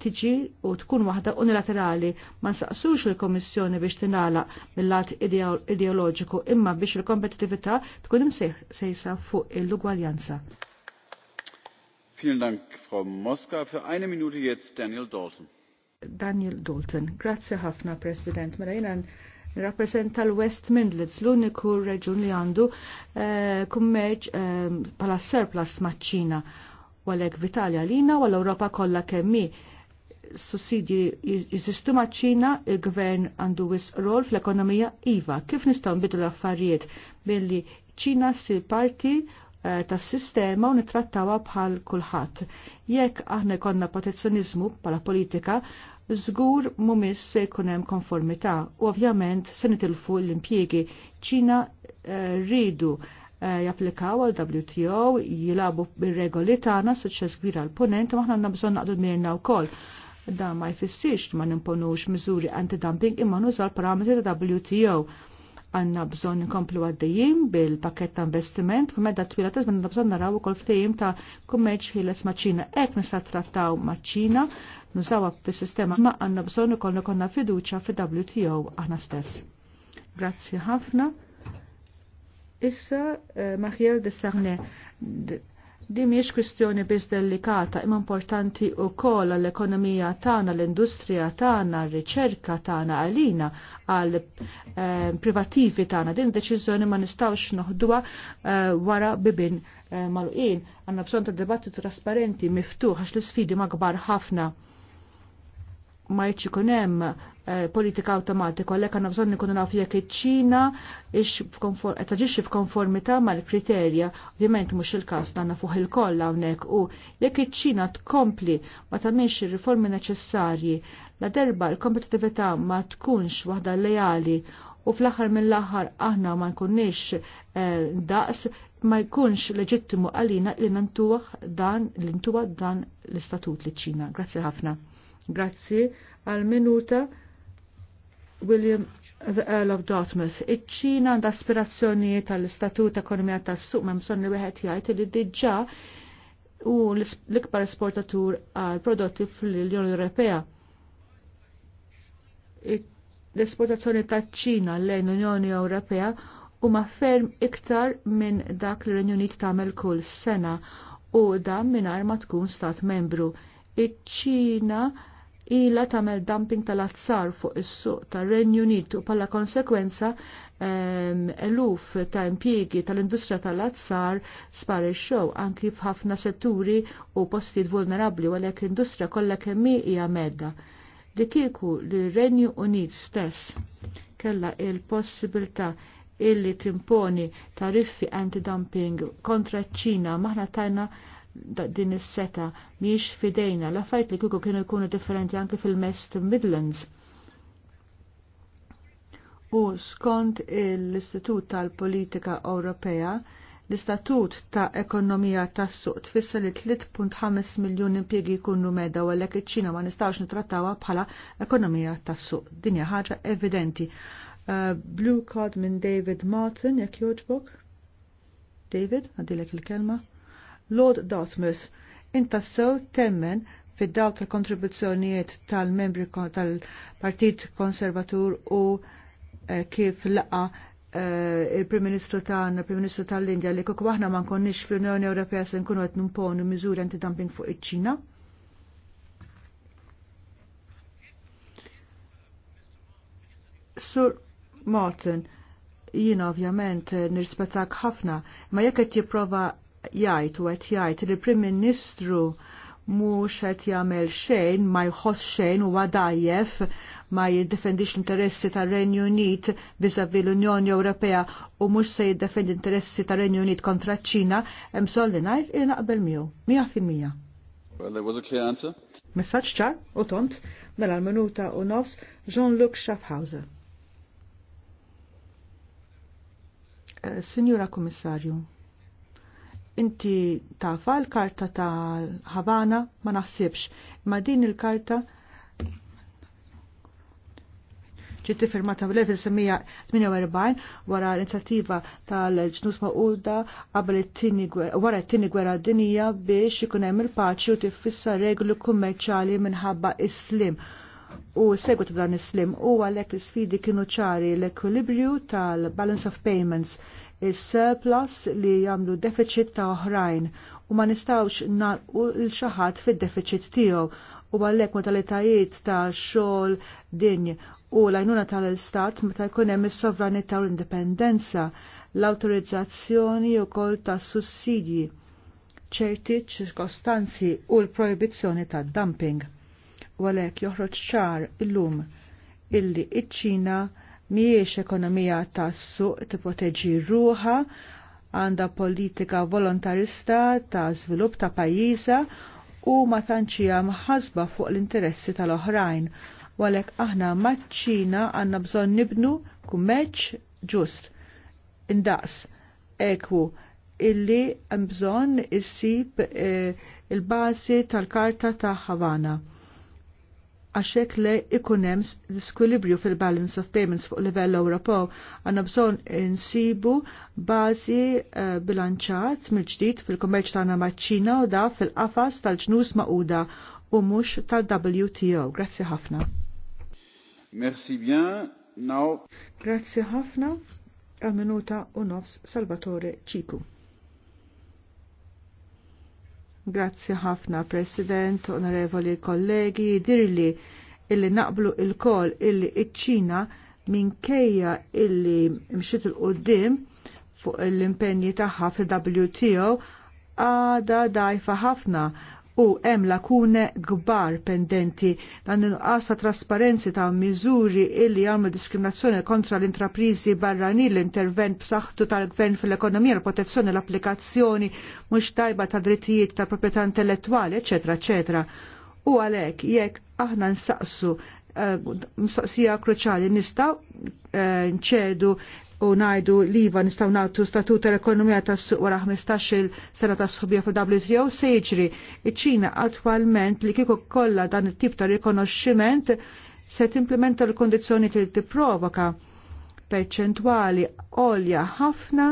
tiġi u tkun waħda unilaterali. Ma nsaqsux il-Komissjoni biex tinala mill-lat ideoloġiku imma biex il-kompetitività tkun imsejsa fuq il-ugwaljanza. Vielen Dank, Frau Mosca. Für eine Minute jetzt Daniel Dalton. Daniel Dalton. Grazie ħafna, President. Mela jena rappresenta l-West Midlands, l-uniku reġun li għandu eh, kummerċ eh, pala surplus maċ-Ċina għalek vitalja lina u l-Europa kollha kemmi sussidji jizistu maċ-Ċina, il-gvern għandu wis rol fl-ekonomija IVA. Kif nistgħu nbidu l-affarijiet billi ċina si parti eh, tas sistema u nitrattawa bħal kulħadd. Jekk aħna konna protezzjonizmu bħala politika, żgur mumis se jkun hemm konformità u ovvjament se nitilfu l-impjiegi. Ċina eh, rridu Eh, japplikaw għal WTO, jilabu bir-regoli tagħna suċċess kbir għal ponent, maħna għandna bżonn naqdu mirna wkoll. Dan ma jfissirx ma nimponux miżuri antidumping imma nużal parametri ta' WTO għanna bżon nkomplu għaddejjim bil-pakket ta' investiment f'medda twila tizmin għanna bżon naraw ukoll ftehim ta' kummerċ ħieles ma'Ċina. Ek nisa nista' trattaw maċina, Ċina, nużawha fis-sistema ma' għanna bżon ukoll konna fiduċja fi WTO aħna stess. Grazzi ħafna. Issa eh, Maħjel de Sarne, di miex kwistjoni biz delikata imma importanti u kol għall-ekonomija tana, l-industrija tana, l-riċerka tana, għalina, għal eh, privativi tana. Din deċizjoni ma nistawx noħduwa eh, wara bibin maluqin. Għanna bżon ta' debattitu trasparenti, miftuħ, għax l-sfidi ma' gbar ħafna ma jridx kunem hemm eh, politika awtomatika għalek għanna bżonn ikunu nafu jekk iċ taġiċi qed taġixxi f'konformità mal-kriterja, ovvjament mhux il-każ għanna fuħ il-koll hawnhekk u jekk iċ-Ċina tkompli ma tagħmilx ir-riformi neċessarji la derba l-kompetitività ma tkunx waħda lejali u fl-aħħar mill-aħħar aħna ma nkunniex eh, daqs ma jkunx leġittimu għalina li nantuwa dan l dan l-istatut li ċina. Grazzi ħafna. Grazzi għal minuta William the Earl of Dartmouth. Iċ-Ċina għandha aspirazzjonijiet għall istatut Ekonomija tas-Suq ma msonni wieħed jgħid li diġà u l-ikbar esportatur għal prodotti fl-Unjoni Ewropea. L-esportazzjoni taċ-Ċina lejn l-Unjoni Ewropea huma ferm iktar minn dak li l-Renju Unit tagħmel kull sena u dan mingħajr ma tkun stat membru. Iċ-Ċina ila tagħmel dumping tal-azzar fuq is-suq tar-Renju Unit u bħala konsekwenza eluf ta' impjiegi tal-industrija tal-azzar spar ix-xew anki f'ħafna setturi u postijiet vulnerabbli u għalhekk l-industrija kollha kemm hija medda. Dikiku li renju Unit stess kella il-possibilità illi timponi tariffi anti-dumping kontra ċ-Ċina maħna tajna din is-seta miex fidejna l affajt li kieku kienu jkunu differenti anke fil-Mest Midlands. U skont l-Istitut tal-Politika Ewropea, l-Istatut ta' Ekonomija tas suq tfisser li 3.5 miljun impjegi jkunu meda u għalek iċ-Ċina ma nistgħux nitrattawha bħala ekonomija tas suq. Dinja ħaġa evidenti. Uh, Blue Card minn David Martin, jekk jogħġbok. David, għadilek il-kelma. Lord Dartmouth, inta sew temmen fid-dawl il kontribuzzjonijiet tal-membri tal-Partit Konservatur u eh, kif laqa eh, il-Prim Ministru tagħna, prim Ministru tal-Indja li kieku aħna ma nkunniex fl-Unjoni Ewropea se nkunu qed nimponu miżuri antidumping fuq iċ-Ċina. Sur Martin, jina ovvjament nirrispettak ħafna, ma jekk qed jipprova jgħid u qed jgħid li prim Ministru mhux qed jagħmel xejn ma jħoss xejn huwa dajjef ma jiddefendix l-interessi tar-Renju Unit vizavi l-Unjoni Ewropea u mhux se jiddefendi l-interessi tar-Renju Unit kontra ċina hemm li ngħid il naqbel miegħu mija fil-mija. Well, there was a clear answer. Messaċ ċar u tont mela l-minuta u nofs Jean-Luc Schaffhauser. Eh, Signora Kommissarju, inti tafa l-karta ta' Havana ma naħsibx, ma din il-karta ġitti firmata bl-1948 wara l-inizjattiva tal-ġnus Mauda qabel wara t-tini gwerra dinija biex ikun hemm il-paċi u tiffissa regoli kummerċali minħabba is-slim u segwit dan is-slim u għalhekk l-sfidi kienu ċari l-ekwilibrju tal-balance of payments il-surplus li jamlu deficit ta' oħrajn u ma nistawx nalqu l-xaħat fid deficit tiegħu u għallek modalitajiet ta' xogħol din u l-għajnuna tal-istat meta jkun hemm is-sovranità u l-indipendenza, l-awtorizzazzjoni wkoll ta' sussidji ċerti ċirkostanzi u l-proibizzjoni ta' dumping. U għalhekk joħroġ ċar illum illi iċ-Ċina il miex ekonomija tas-suq tipoteġi ruha għanda politika volontarista ta' żvilupp ta' pajjiża u ma tantxija mħasba fuq l-interessi tal-oħrajn Walek aħna maċċina għanna bżon nibnu kummerċ ġust indaqs ekku, illi għan issib eh, il-bazi tal-karta ta' Havana għaxek le ikunem skwilibrju fil-balance of payments fuq livell Ewropew. Għanna bżon insibu bazi uh, eh, bilanċat mill-ġdid fil-kommerċ tagħna maċ-Ċina u da fil-qafas tal-ġnus maquda u mhux tal-WTO. Grazzi ħafna. Merci bien. Now. Grazzi ħafna. Għal minuta u nofs Salvatore Ciku. Grazzi ħafna, President, onorevoli kollegi, dirli illi naqblu il-kol illi iċ-ċina minkejja illi mxiet il-qoddim fuq l-impenji tagħha fil-WTO għada dajfa ħafna u hemm lakune kbar pendenti dan inqas ta' trasparenzi ta' miżuri illi għamlu diskriminazzjoni kontra l-intraprizi barrani l-intervent b'saħħtu tal-gvern fil-ekonomija l-protezzjoni l-applikazzjoni mhux tajba ta' drittijiet ta' proprjetà intellettwali, eċetera, eċetera. U għalhekk jekk aħna nsaqsu eh, msaqsija kruċali nistaw eh, nċedu u najdu li iva nistaw nagħtu statut tal-ekonomija tas-suq wara 15-il sena ta' sħubija fu wto se jiġri iċ-Ċina li kieku kollha dan it-tip ta' rikonoxximent se timplementa l-kondizzjoni li tipprovoka perċentwali għolja ħafna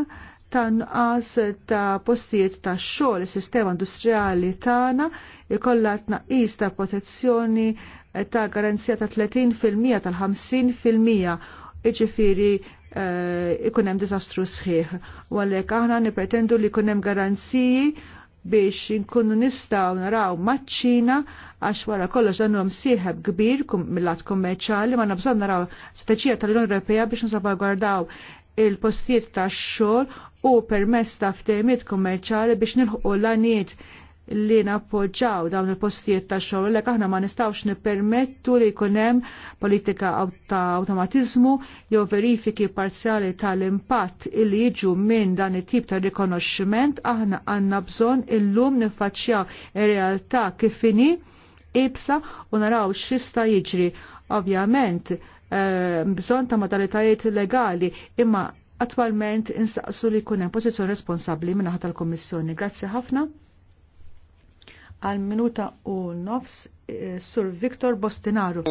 ta' nqas ta' postijiet ta' xogħol is-sistema industrijali tagħna ikollha tnaqqis ta' protezzjoni ta' garanzija ta' 30% tal-50% iġifiri Eh, ikun hemm diżastru sħiħ. U għalhekk aħna nipretendu li jkun hemm garanziji biex nkunu nistaw naraw maċ-Ċina għax wara kollox dan huwa sieħeb kbir mill-lat kummerċjali ma nabżon naraw strateġija tal-Unjoni Ewropea biex nsavagwardaw il-postijiet tax-xogħol u permess ta' ftehimiet kummerċjali biex nilħu l-għaniet li nappoġġaw dawn il-postijiet ta' xogħol lek aħna ma nistgħux nippermettu li jkun hemm politika ta' awtomatiżmu jew verifiki parzjali tal-impatt illi jiġu minn dan it-tip ta' rikonoxximent aħna għandna bżonn illum niffaċċjaw ir-realtà kif inhi ibsa u naraw x'ista jiġri. Ovvjament, eh, bżonn ta' modalitajiet legali imma attualment insaqsu li kunem responsabbli min-naħa tal-Kommissjoni. Grazzi ħafna għal minuta u nofs eh, sur Viktor Bostinaru.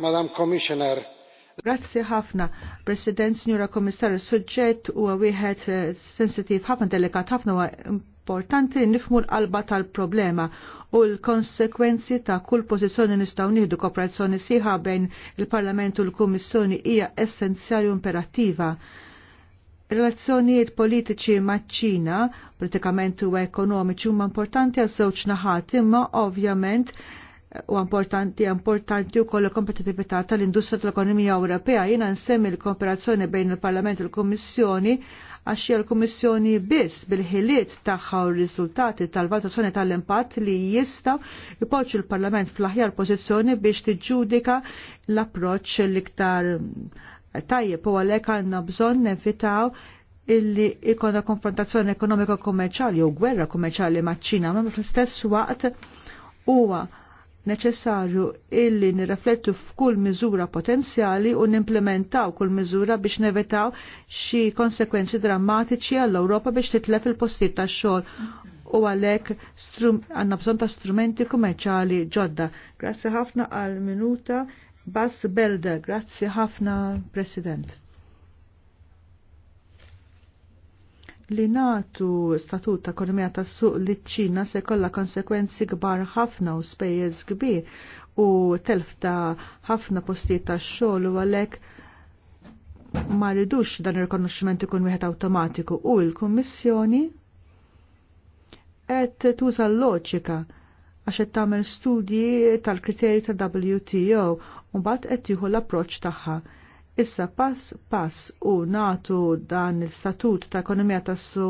Madam Commissioner. Grazzi ħafna, President, Signora Komissarju, suġġett u għawihet eh, sensitiv ħafna delikat ħafna u importanti nifmu l-qalba tal-problema u l-konsekwenzi ta' kull pożizzjoni nistgħu nieħdu kooperazzjoni sieħa bejn il-Parlament u l-Kummissjoni hija essenzjali u imperattiva relazzjonijiet politiċi maċ-Ċina, politikament u ekonomiċi huma importanti għal żewġ naħat, imma ovvjament u importanti importanti u koll kompetitività tal-industrija tal-ekonomija Ewropea jiena nsemmi l-kooperazzjoni bejn il-Parlament u l-Kummissjoni għax hija l-Kummissjoni biss bil-ħiliet tagħha u r-riżultati tal-valutazzjoni tal-impatt li jistgħu jpoġġu l-Parlament fl-aħjar pożizzjoni biex tiġġudika l-approċċ l-iktar tajjeb u għalhekk għandna bżonn nevitaw illi ikona konfrontazzjoni ekonomika kummerċali u gwerra kummerċali maċ-Ċina, ma fl-istess waqt huwa neċessarju illi nirreflettu f'kull miżura potenzjali u nimplementaw kull miżura biex nevitaw xi konsekwenzi drammatiċi għall-Ewropa biex titlef il-postijiet tax-xogħol u għalhekk għandna bżonn ta' strumenti kummerċali ġodda. Grazzi ħafna għal minuta Bas Belda, grazzi ħafna, President. li natu statut ta' ekonomija ta' suq li ċina se kolla konsekwenzi kbar ħafna u spejjeż kbir u telf ta' ħafna postijiet ta' xogħol u għalhekk ma ridux dan ir-rikonoxximent ikun wieħed awtomatiku u l-Kummissjoni qed tuża l-loġika għax qed tagħmel studji tal-kriterji ta' WTO u mbagħad qed tieħu l-approċċ tagħha. Issa pass pass u natu dan il-statut ta' ekonomija tassu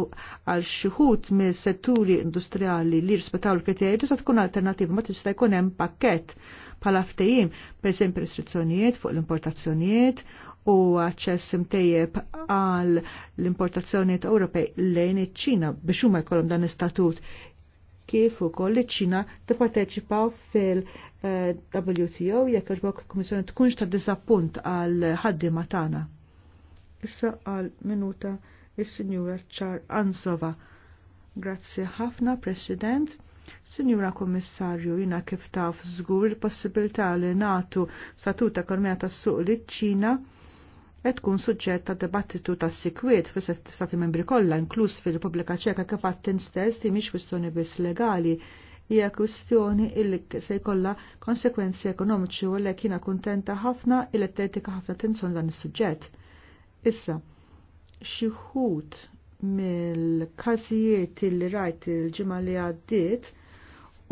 għal xuħut mill setturi industrijali li rispetaw l-kriterji tista' tkun alternativa ma tista' jkun hemm pakkett bħala ftehim, pereżempju restrizzjonijiet fuq l-importazzjonijiet u aċċess imtejjeb għal l-importazzjonijiet Ewropej lejn iċ-Ċina biex huma jkollhom dan l-istatut kif ukoll iċ-Ċina tipparteċipaw fil-WTO jekk il kummissjoni tkunx ta' disappunt għal ħaddiema tagħna. Issa għal minuta is-Sinjura Ċar Ansova. Grazzi ħafna, President. Sinjura Kommissarju, jina kif taf żgur il-possibilità li natu statuta kormija tas-suq liċ-Ċina et tkun suġġett ta' dibattitu ta' sikwiet fis stati membri kollha inkluż fil-Repubblika Ċeka kif għattin stess li mhix kwistjoni biss legali hija kwistjoni illi se jkollha konsekwenzi ekonomiċi u lek jiena kuntenta ħafna il tetika ħafna tinson dan is-suġġett. Issa, xi mill-każijiet li rajt il-ġimgħa li għaddiet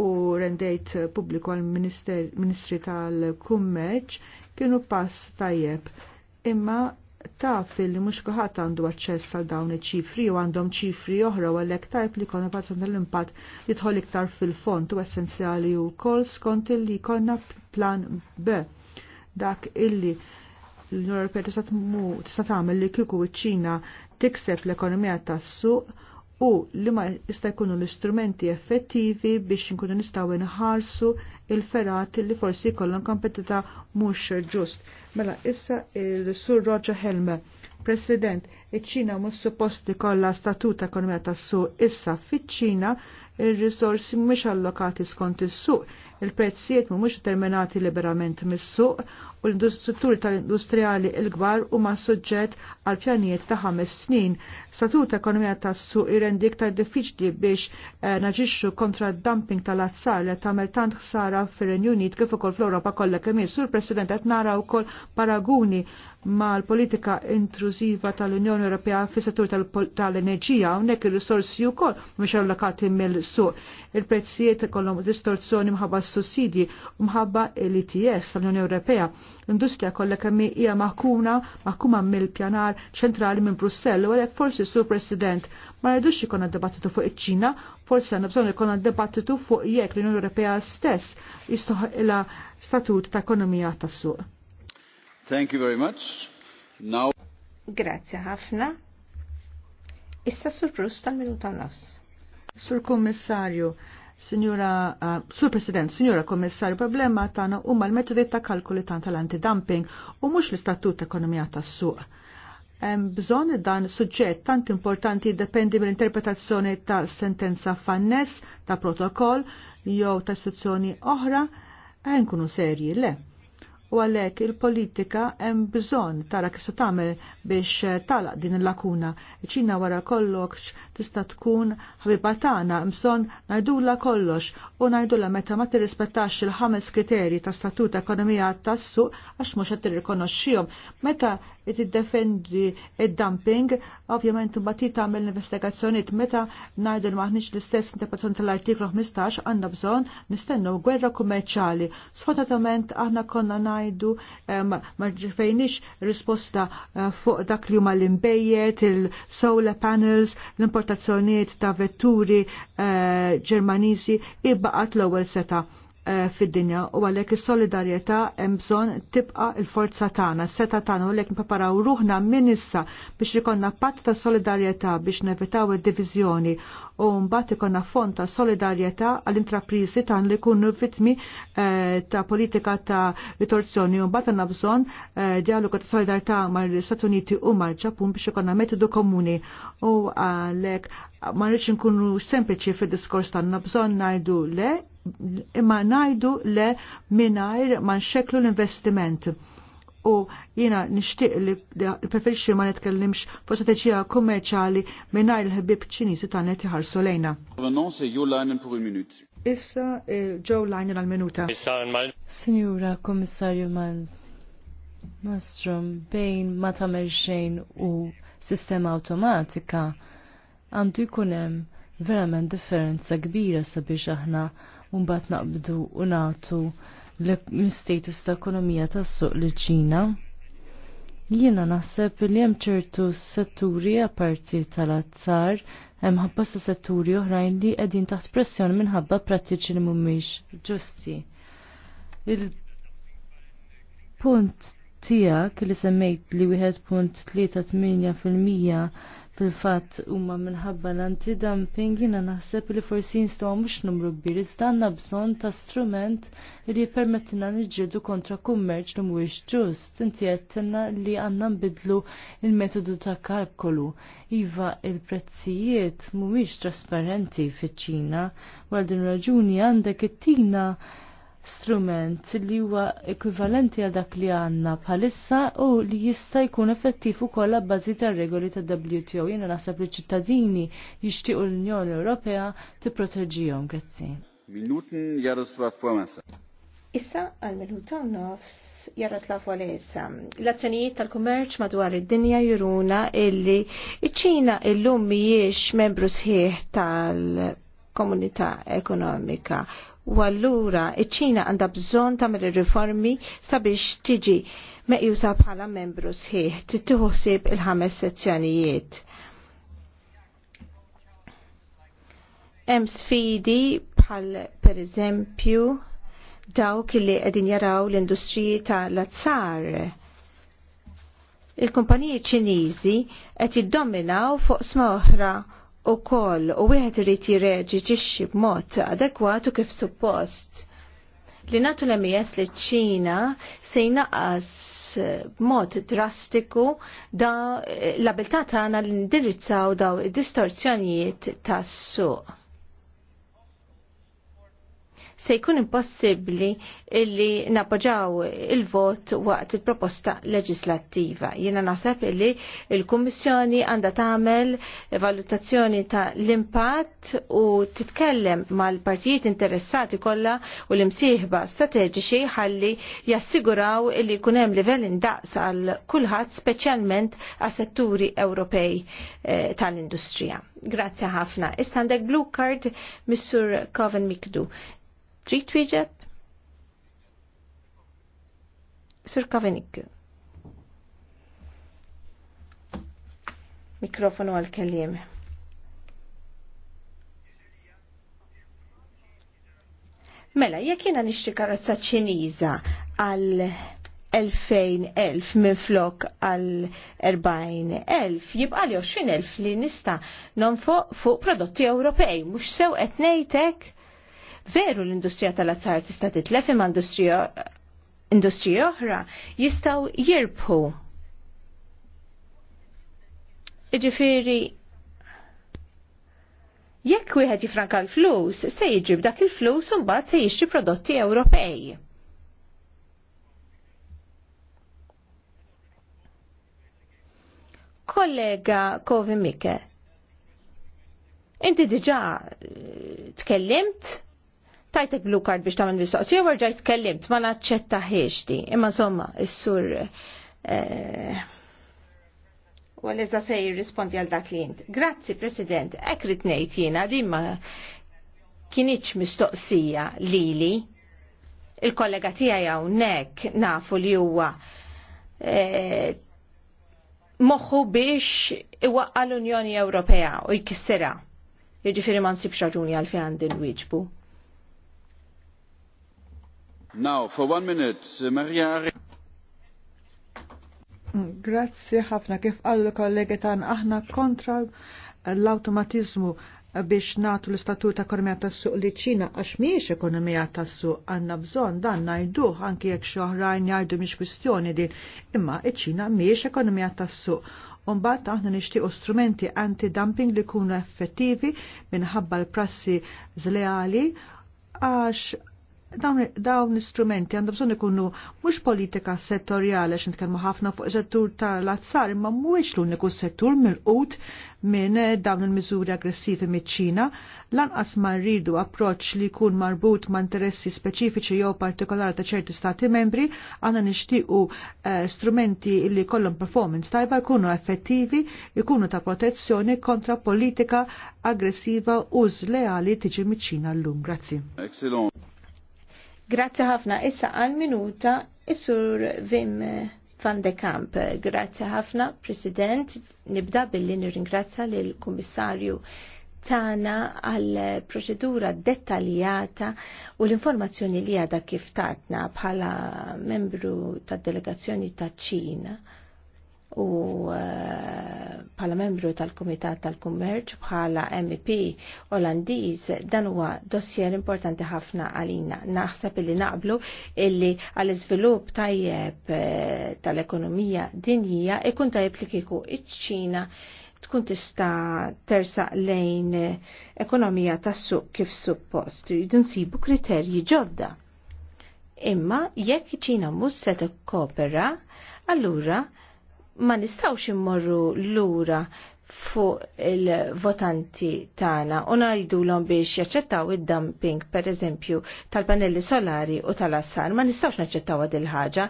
u rendejt pubbliku għal ministri tal-kummerċ kienu pass tajjeb imma fil li mhux kuħat għandu aċċess għal dawn iċ-ċifri u għandhom ċifri oħra u għallek tajp li jkun patron tal-impatt jidħol iktar fil-font u essenzjali wkoll skont illi jkollna plan B dak illi l europa Ewropea tista' tagħmel li kieku u ċina tikseb l-ekonomija tas-suq u li ma jista' jkunu l-istrumenti effettivi biex nkunu nistgħu nħarsu il-ferat li forsi jkollhom kompetita mhux ġust. Mela issa il-Sur Roger Helme, President, iċ-Ċina mhux suppost li kollha statut ekonomija tas-suq issa fiċ-Ċina ir-risorsi mhumiex allokati skont is-suq il-prezzijiet mhumiex determinati liberament mis-suq u l-strutturi tal-industrijali l-gbar huma suġġett għal pjanijiet ta' ħames snin. Statut ekonomija tas-suq irendi iktar diffiċli biex eh, naġixxu kontra d-dumping tal-azzar li tagħmel tant ħsara fir-Renju Unit kif ukoll fl-Ewropa kollha kemm sur President qed nara wkoll paraguni mal-politika intrużiva tal-Unjoni Ewropea fis-settur tal-enerġija hawnhekk ir-risorsi wkoll mhumiex allokati mill-suq. Il-prezzijiet kollhom distorzjoni mħabba sussidji u mħabba l-ITS tal-Unjoni Ewropea. L-industrija kollha kemm hija maħkuna maħkuma mill-pjanar ċentrali minn Brussell u għalhekk forsi sur President ma rridux ikun dibattitu fuq iċ-Ċina, forsi għandna bżonn ikun dibattitu fuq jekk l-Unjoni Ewropea stess ila statut ta' ekonomija tas-suq. Thank you very much. Now... Grazie ħafna. Issa surprus tal-minuta nofs. Sur Kommissarju, Signora, uh, Sur President, Signora Kommissar, problema tagħna huma l-metodi ta' kalkuli tagħna tal-antidumping u mhux l-istatut ta' ekonomija tas-suq. Hemm bżonn dan suġġett tant importanti jiddependi mill-interpretazzjoni ta' sentenza fannes, ta' protokoll jew ta' istituzzjoni oħra, e kunu serji le u għalhekk il-politika hemm bżonn tara kif se tagħmel biex eh, talaq din il-lakuna. Ċina wara kollox tista' tkun ħabiba tagħna bżonn ngħidula kollox u ngħidula meta ma tirrispettax il-ħames kriterji ta' statut ekonomija tas-suq għax mhux qed tirrikonoxxihom. Meta tiddefendi id-dumping, ovvjament imbagħad tagħmel investigazzjonijiet meta ngħidu li maħniex l-istess interpretazzjoni tal-artiklu 15 għandna bżonn nistennu gwerra kummerċjali. Sfortunatament aħna konna ngħidu eh, ma ġifejniex risposta eh, fuq dak li huma l-imbejjed, il-solar panels, l-importazzjonijiet ta' vetturi eh, Ġermaniżi ibbaqat l-ewwel seta' Eh, fid-dinja u għalhekk is-solidarjetà hemm bżonn tibqa' il-forza tagħna, seta tagħna u lek nippreparaw ruħna minn issa biex ikonna patt ta' solidarjetà biex nevitaw id divizjoni u mbagħad ikonna fond ta' solidarjetà għall-intrapriżi tagħna li jkunu vittmi eh, ta' politika ta' ritorzjoni u mbagħad għandna bżonn eh, dialogu ta' solidarjetà l stati Uniti u mal-Ġapun biex ikonna metodu komuni u għalhekk ma rridx nkunu sempliċi fid-diskors tanna bżonn ngħidu le imma najdu le minajr ma xeklu l-investiment. U jina nishtiq li preferixi ma netkellimx fu strategija kommerċali minajr l-ħbib ċinisi ta' net jħarsu lejna. Issa ġew eh, lajn għal-minuta. Signora Komissarju Mastrom, bejn ma tamel xejn u sistema automatika għandu jkunem verament differenza kbira sabiex aħna mbagħad naqbdu u nagħtu l-status ta' ekonomija tas-suq li ċina. Jiena naħseb li hemm ċertu setturi apparti tal-azzar hemm ħabba sa setturi oħrajn li qegħdin taħt pressjoni minħabba prattiċi li mhumiex ġusti. Il-punt tiegħek li semmejt li wieħed punt tlieta' fil-mija fil-fatt huma minħabba l-antidumping jiena naħseb li forsi nistgħu mhux numru kbir iżda għandna bżonn ta' strument li jippermettilna niġġieldu kontra kummerċ li mhuwiex ġust. Inti qedtilna li għandna nbidlu il-metodu ta' kalkolu. Iva il-prezzijiet mhumiex trasparenti fiċ-Ċina, għal din raġuni għandek it-tina strument li huwa ekwivalenti għal dak li għanna bħalissa u li jista' jkun effettiv ukoll bbażi tar-regoli ta' WTO. Jiena naħseb li ċittadini jixtiequ l-Unjoni Ewropea tipproteġihom. Grazzi. Minuten Jaroslav Fomasa. Issa għall-minuta nofs Jaroslav Walesa. L-azzjonijiet tal-kummerċ madwar id-dinja juruna illi iċ-Ċina illum mhijiex membru sħiħ tal komunità ekonomika U allura iċ-Ċina għandha bżonn tagħmel ir-riformi sabiex tiġi meqjusa bħala membru sħiħ, tittieħuħsieb il-ħames sezzjonijiet. Hemm sfidi bħal pereżempju dawk li qegħdin jaraw l-industriji tal-azzar il-kumpaniji ċiniżi qed jiddominaw fuq sma oħra u koll u wieħed irid ġixxi b'mod adekwat u kif suppost. Li natu l-MES li ċina se jnaqas b'mod drastiku da l abiltà tagħna l-indirizzaw daw id-distorzjonijiet tas-suq se jkun impossibbli illi napoġaw il-vot waqt il-proposta leġislattiva. Jiena naħseb illi il-Kummissjoni għandha tagħmel valutazzjoni ta' l-impatt u titkellem mal-partijiet interessati kollha u l-imsieħba strateġiċi ħalli jassiguraw illi jkun hemm livell indaqs għal kulħadd speċjalment għas setturi Ewropej eh, tal-industrija. Grazzi ħafna. Issa għandek blue card Mr. Coven Mikdu. Trid twieġeb? Sur Kavenik. Mikrofonu għal-kellim. Mela, jekk jiena nixtri karozza ċiniża għal 2000 minn flok għal 40.000 jibqa li 20.000 li nista non fuq fuq prodotti Ewropej, mhux sew qed ngħidlek Veru l-industrija tal-azzar tista' titlef imma industrija oħra jistgħu jirbħu. Iġifieri jekk wieħed jifranka l-flus, se jiġib dak il-flus u mbagħad se jixtri prodotti Ewropej. Kollega Kovi Mike, inti diġà eh, tkellimt tajtek blue card biex tagħmel mistoqsija jowar ġajt tkellimt ma naċċettaħiex ħieġdi. Imma somma, is-sur eh, Waleza se jirrispondi għal dak li jint. Grazzi, President, ekrit nejt jina, dimma kienieċ mistoqsija lili. Il-kollega jaw nek nafu li huwa moħu eh, moħħu biex iwaqqa l-Unjoni Ewropea u jkissera. Jiġifieri ma nsibx raġuni għal fejn din wieġbu. Now, for one minute, uh, Maria Grazzi ħafna kif għallu kollegi tan aħna kontra l-automatizmu biex natu l-istatut ta' ekonomija ta' suq li ċina għax miex ekonomija ta' suq għanna bżon dan najdu anki jekk xoħrajn jgħidu miex kwistjoni din imma iċ-ċina miex ekonomija ta' suq Umbat aħna nixtiequ strumenti anti-dumping li kunu effettivi minħabba l-prassi zleali għax dawn l-istrumenti għandu bżonn ikunu mhux politika settorjali xint nitkellmu ħafna fuq settur tal-azzar imma mhuwiex l-uniku settur mil qut minn dawn il-miżuri aggressivi miċ-Ċina, lanqas ma rridu approċċ li jkun marbut ma' interessi speċifiċi jew partikolari ta' ċerti stati membri, għandna nixtiequ eh, strumenti li kollhom performance tajba jkunu effettivi, jkunu ta' protezzjoni kontra politika aggressiva u zleali tiġi miċ-Ċina llum. Grazzi. Excellent. Grazzi ħafna. Issa għal minuta is-sur Vim van de Kamp. Grazzi ħafna, President. Nibda billi nirringrazza lil kummissarju tana għal proċedura dettaljata u l-informazzjoni li għada kif tatna bħala membru tad delegazzjoni ta' ċina u eh, bħala membru tal-Kumitat tal-Kummerċ bħala MEP Olandiż dan huwa dossier importanti ħafna għalina. Naħseb illi naqblu illi għall iżvilupp tajjeb eh, tal-ekonomija dinjija ikun tajjeb li kieku iċ-Ċina tkun tista' tersaq lejn eh, ekonomija tas-suq kif suppost. Jridu nsibu kriterji ġodda. Imma jekk ċina mhux se tikkopera, allura ma nistawx immorru lura fuq il-votanti tagħna u najdu l biex jaċċettaw id-dumping per eżempju tal-panelli solari u tal-assar ma nistawx naċċettaw għad il-ħaġa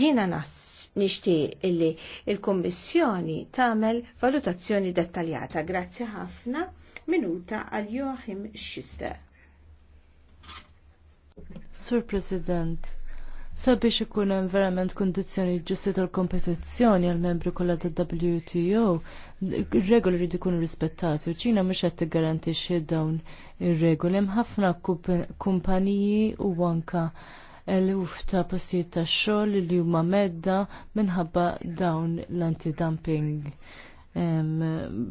jiena nas nixtieq illi il-Kummissjoni tagħmel valutazzjoni dettaljata. Grazzi ħafna minuta għal Joachim Schuster. Sur President, sabiex ikun hemm verament kundizzjoni ġusti tal-kompetizzjoni għal membri kollha tal-WTO, ir-regoli jridu jkunu rispettati u ċina mhux qed tiggarantixxi dawn ir-regoli hemm ħafna kumpaniji u anka l-uf ta' postijiet ta' xogħol li huma medda minħabba dawn l-antidumping.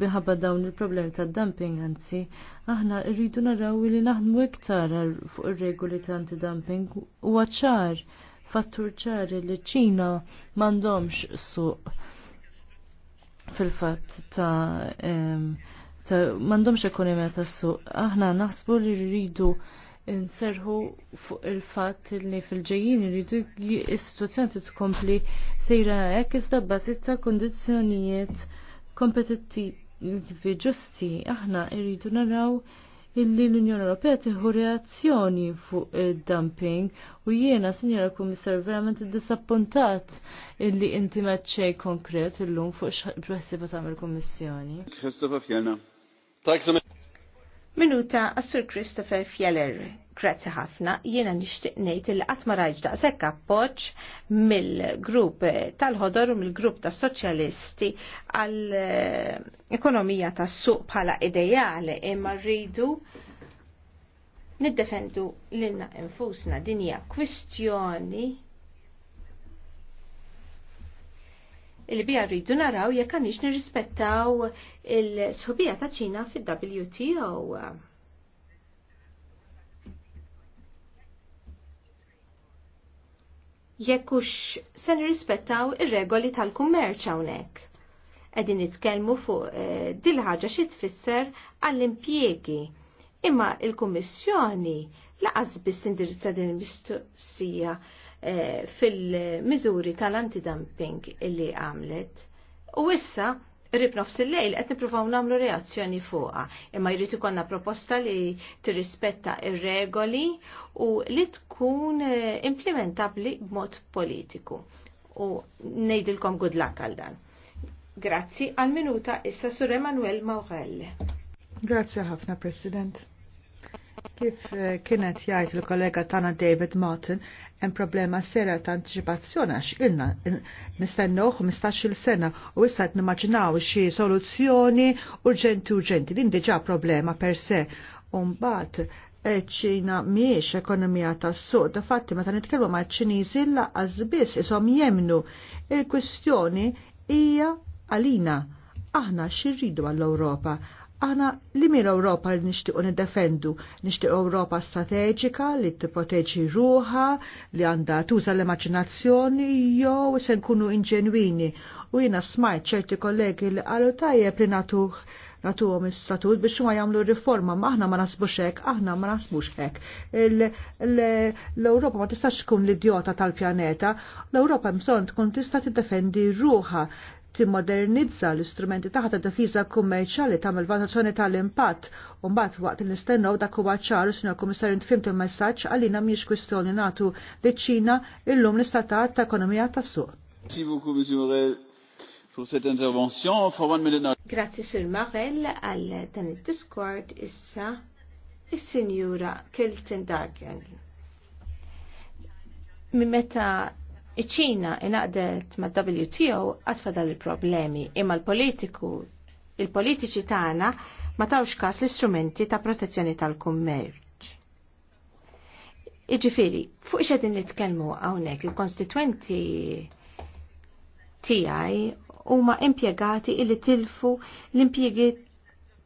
Biħabba dawn il-problemi ta' dumping anzi, aħna rridu naraw li naħdmu iktar fuq ir-regoli ta' antidumping u għacċar fattur ċari li ċina m'għandhomx suq fil-fatt ta' ta' m'għandhomx ekonomija ta' suq. Aħna naħsbu li rridu nserħu fuq il-fatt li fil-ġejjin rridu is t-tkompli sejra hekk iżda bazit ta' kundizzjonijiet kompetittivi ġusti. Aħna rridu naraw illi l-Unjoni Ewropea tieħu reazzjoni fuq id-dumping u jiena, Sinjora Kummissar, verament iddisappuntat illi inti xejn konkret illum fuq x'ħsiba tagħmel kummissjoni. Christopher Fjellner. Minuta, Assur Christopher Fjeller. Grazzi ħafna, jiena nixtieq ngħid li qatt ma rajt daqshekk appoġġ mill-grupp tal-ħodor u mill-grupp tas-soċjalisti għall eh, ekonomija tas-suq bħala ideali imma rridu niddefendu lilna infusna din hija kwistjoni il bija rridu naraw jekk għandix nirrispettaw il-sħubija ta' Ċina fid-WTO. jekkux se nirrispettaw ir-regoli tal-kummerċ hawnhekk. Qegħdin nitkellmu fuq eh, dil ħaġa xi tfisser għall-impjiegi. Imma il-Kummissjoni laqas biss indirizza din il-mistoqsija eh, fil-miżuri tal-antidumping illi għamlet. U issa rib nofs il-lejl qed nippruvaw nagħmlu reazzjoni fuqha. Imma jrid ikollna proposta li tirrispetta ir-regoli u li tkun eh, implementabbli b'mod politiku. U ngħidilkom good luck għal dan. Grazzi għal minuta issa Sur Emanuel Maurelle. Grazzi ħafna President. Kif eh, kienet jgħid il-kollega tana David Martin, hemm problema sera ta' anticipazzjoni għax ilna nistennuħ, 15-il sena u issa qed nimmaġinaw xi soluzzjoni urġenti urġenti. Din diġa' problema per se. Umbat, eh, ċina miex ekonomija tas suq da fatti meta nitkellmu ma' ċinizi la' għazbis, jisom jemnu. Il-kwistjoni hija għalina aħna xirridu għall-Ewropa Aħna li mir Ewropa li nixtiequ niddefendu, nixtieq Ewropa strateġika li tipproteġi ruha, li għandha tuża l-immaġinazzjoni jew se nkunu inġenwini. U jiena smajt ċerti kollegi li qalu tajjeb li natu natuhom istatut biex ma jagħmlu riforma, ma aħna ma nasbux hekk, aħna ma nasbux hekk. L-Ewropa ma tistax tkun l-idjota tal-pjaneta, l-Ewropa bżonn tkun tista' tiddefendi ruha timmodernizza l-istrumenti taħt ta' kummerċali kummerċjali tagħmel valutazzjoni tal-impatt u mbagħad waqt li nistennew dak huwa ċar, sinjor Kummissarju tfimtu l-messaġġ għalina mhijiex kwistjoni nagħtu liċ-Ċina illum l-istatat ta' ekonomija tas-suq. Grazzi Sir Marel għal dan id-diskord issa is-Sinjura Kilton Dargan. Mimeta Iċ-Ċina inaqdet ma' WTO għatfa dal il-problemi imma l-politiku il-politiċi tagħna ma tawx kas l-istrumenti ta' protezzjoni tal-kummerċ. Iġifiri, fuq xedin nitkellmu hawnhekk il-konstituenti tiegħi huma impjegati illi tilfu l impiegi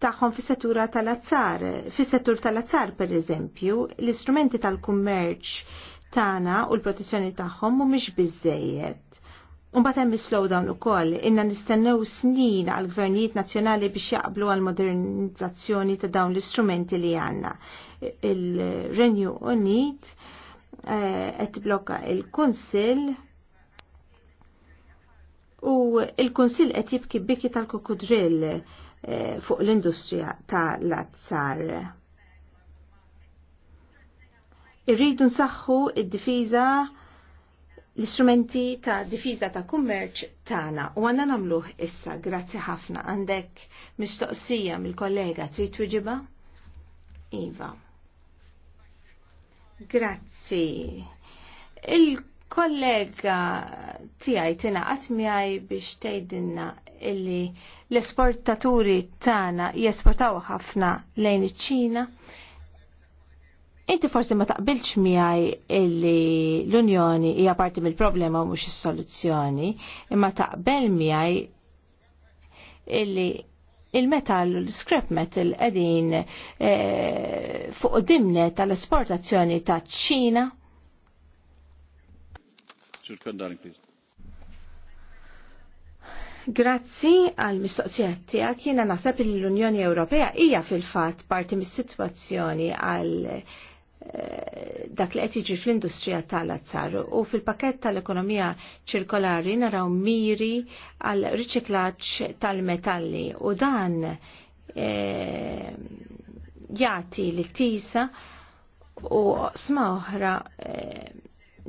tagħhom fis-settura tal-azzar, fis-settur tal-azzar pereżempju, l-istrumenti tal-kummerċ tana u l-protezzjoni tagħhom mhumiex biżejjed. Umbat hemm is-slowdown ukoll inna nistennew snin għal gvernijiet nazzjonali biex jaqblu għal modernizzazzjoni ta' dawn l-istrumenti li għandna. Il-Renju Unit eh, qed tblokka il-Kunsill u il-Kunsill qed jibki biki tal-kukudrill eh, fuq l-industrija tal-azzar Irridu nsaħħu id-difiża l-istrumenti ta' difiża ta' kummerċ tagħna u għandna nagħmluh issa grazzi ħafna għandek mistoqsija mill-kollega trid twiġiba? Iva. Grazzi. Il-kollega tiegħi tina miegħi biex tgħidilna illi l-esportaturi tagħna jesportaw ħafna lejn iċ-Ċina Inti forsi ma taqbilx miegħi illi l-Unjoni hija parti mill-problema u mhux is-soluzzjoni, imma taqbel miegħi illi il-metal u l-scrap metal qegħdin eh, fuq dimne tal-esportazzjoni ta' ċina. Grazzi għal mistoqsija tiegħek jiena naħseb li l-Unjoni Ewropea hija fil-fatt parti mis-sitwazzjoni għal dak li qed jiġi fl-industrija tal-azzar u fil-pakett tal-ekonomija ċirkolari naraw miri għal riċiklaġġ tal-metalli u dan e, li t tisa u sma oħra e,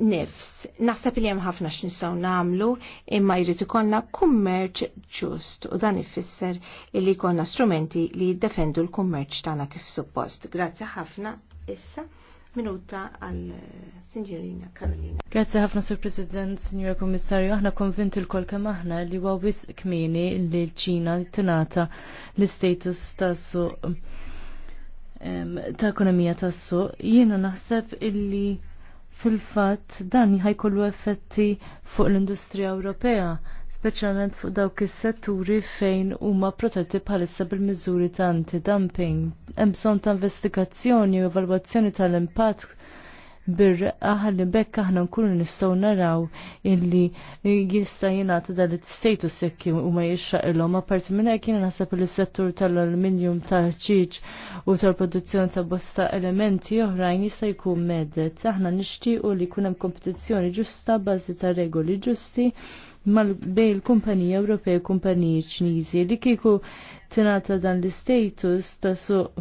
nifs. Naħseb li hemm ħafna x'nistgħu nagħmlu imma jrid ikollna kummerċ ġust u dan ifisser li jkollna strumenti li jiddefendu l-kummerċ tagħna kif suppost. Grazzi ħafna issa minuta għal signorina Karolina. Grazie ħafna Sur President, Signora Kommissarju, aħna konvinti l-kol kemm aħna li huwa wis kmieni li l-Ċina tingħata l-istatus ta' suq ta' ekonomija ta' suq. Jiena naħseb illi fil-fatt dan jħajkollu effetti fuq l-industrija Ewropea speċjalment fuq dawk is-setturi fejn huma protetti bħalissa bil-miżuri ta' anti-dumping. Hemm bżonn ta' investigazzjoni u evalwazzjoni tal-impatt bir-reqqa li bekk aħna nkunu nistgħu naraw illi jista' jingħata dan it-status jekk huma jixraqilhom. Apparti minn hekk jiena naħseb li settur tal-aluminium tal-ħġiġ u tal-produzzjoni ta' bosta elementi oħrajn jista' jkun medet. Aħna nixtiequ li jkun hemm kompetizzjoni ġusta bażi ta' regoli ġusti bejn il-kumpanija Ewropej u kumpaniji Ċiniżi li kieku tingħata dan l-istatus ta' suq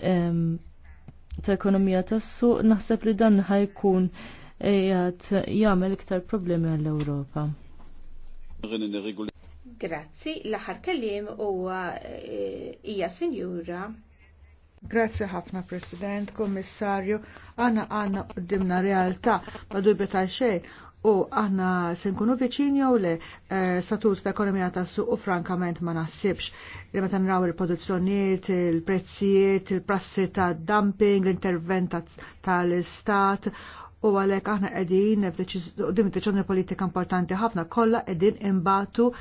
ta' ekonomija tas-suq naħseb li dan ħajkun jgħat jagħmel iktar problemi għall-Ewropa. Grazzi, l-aħħar kellim huwa eh, hija sinjura Grazzi ħafna President, Kommissarju, għana għanna dimna realtà ma dubju ta' xejn u aħna se nkunu viċin le eh, statut ta' ekonomija ta' suq u frankament ma naħsibx li meta nraw il pozizjoniet il prezziet il-prassi ta' dumping, l-intervent tal-istat u għalek aħna qegħdin dim deċiżjoni politika importanti ħafna kollha qegħdin imbatu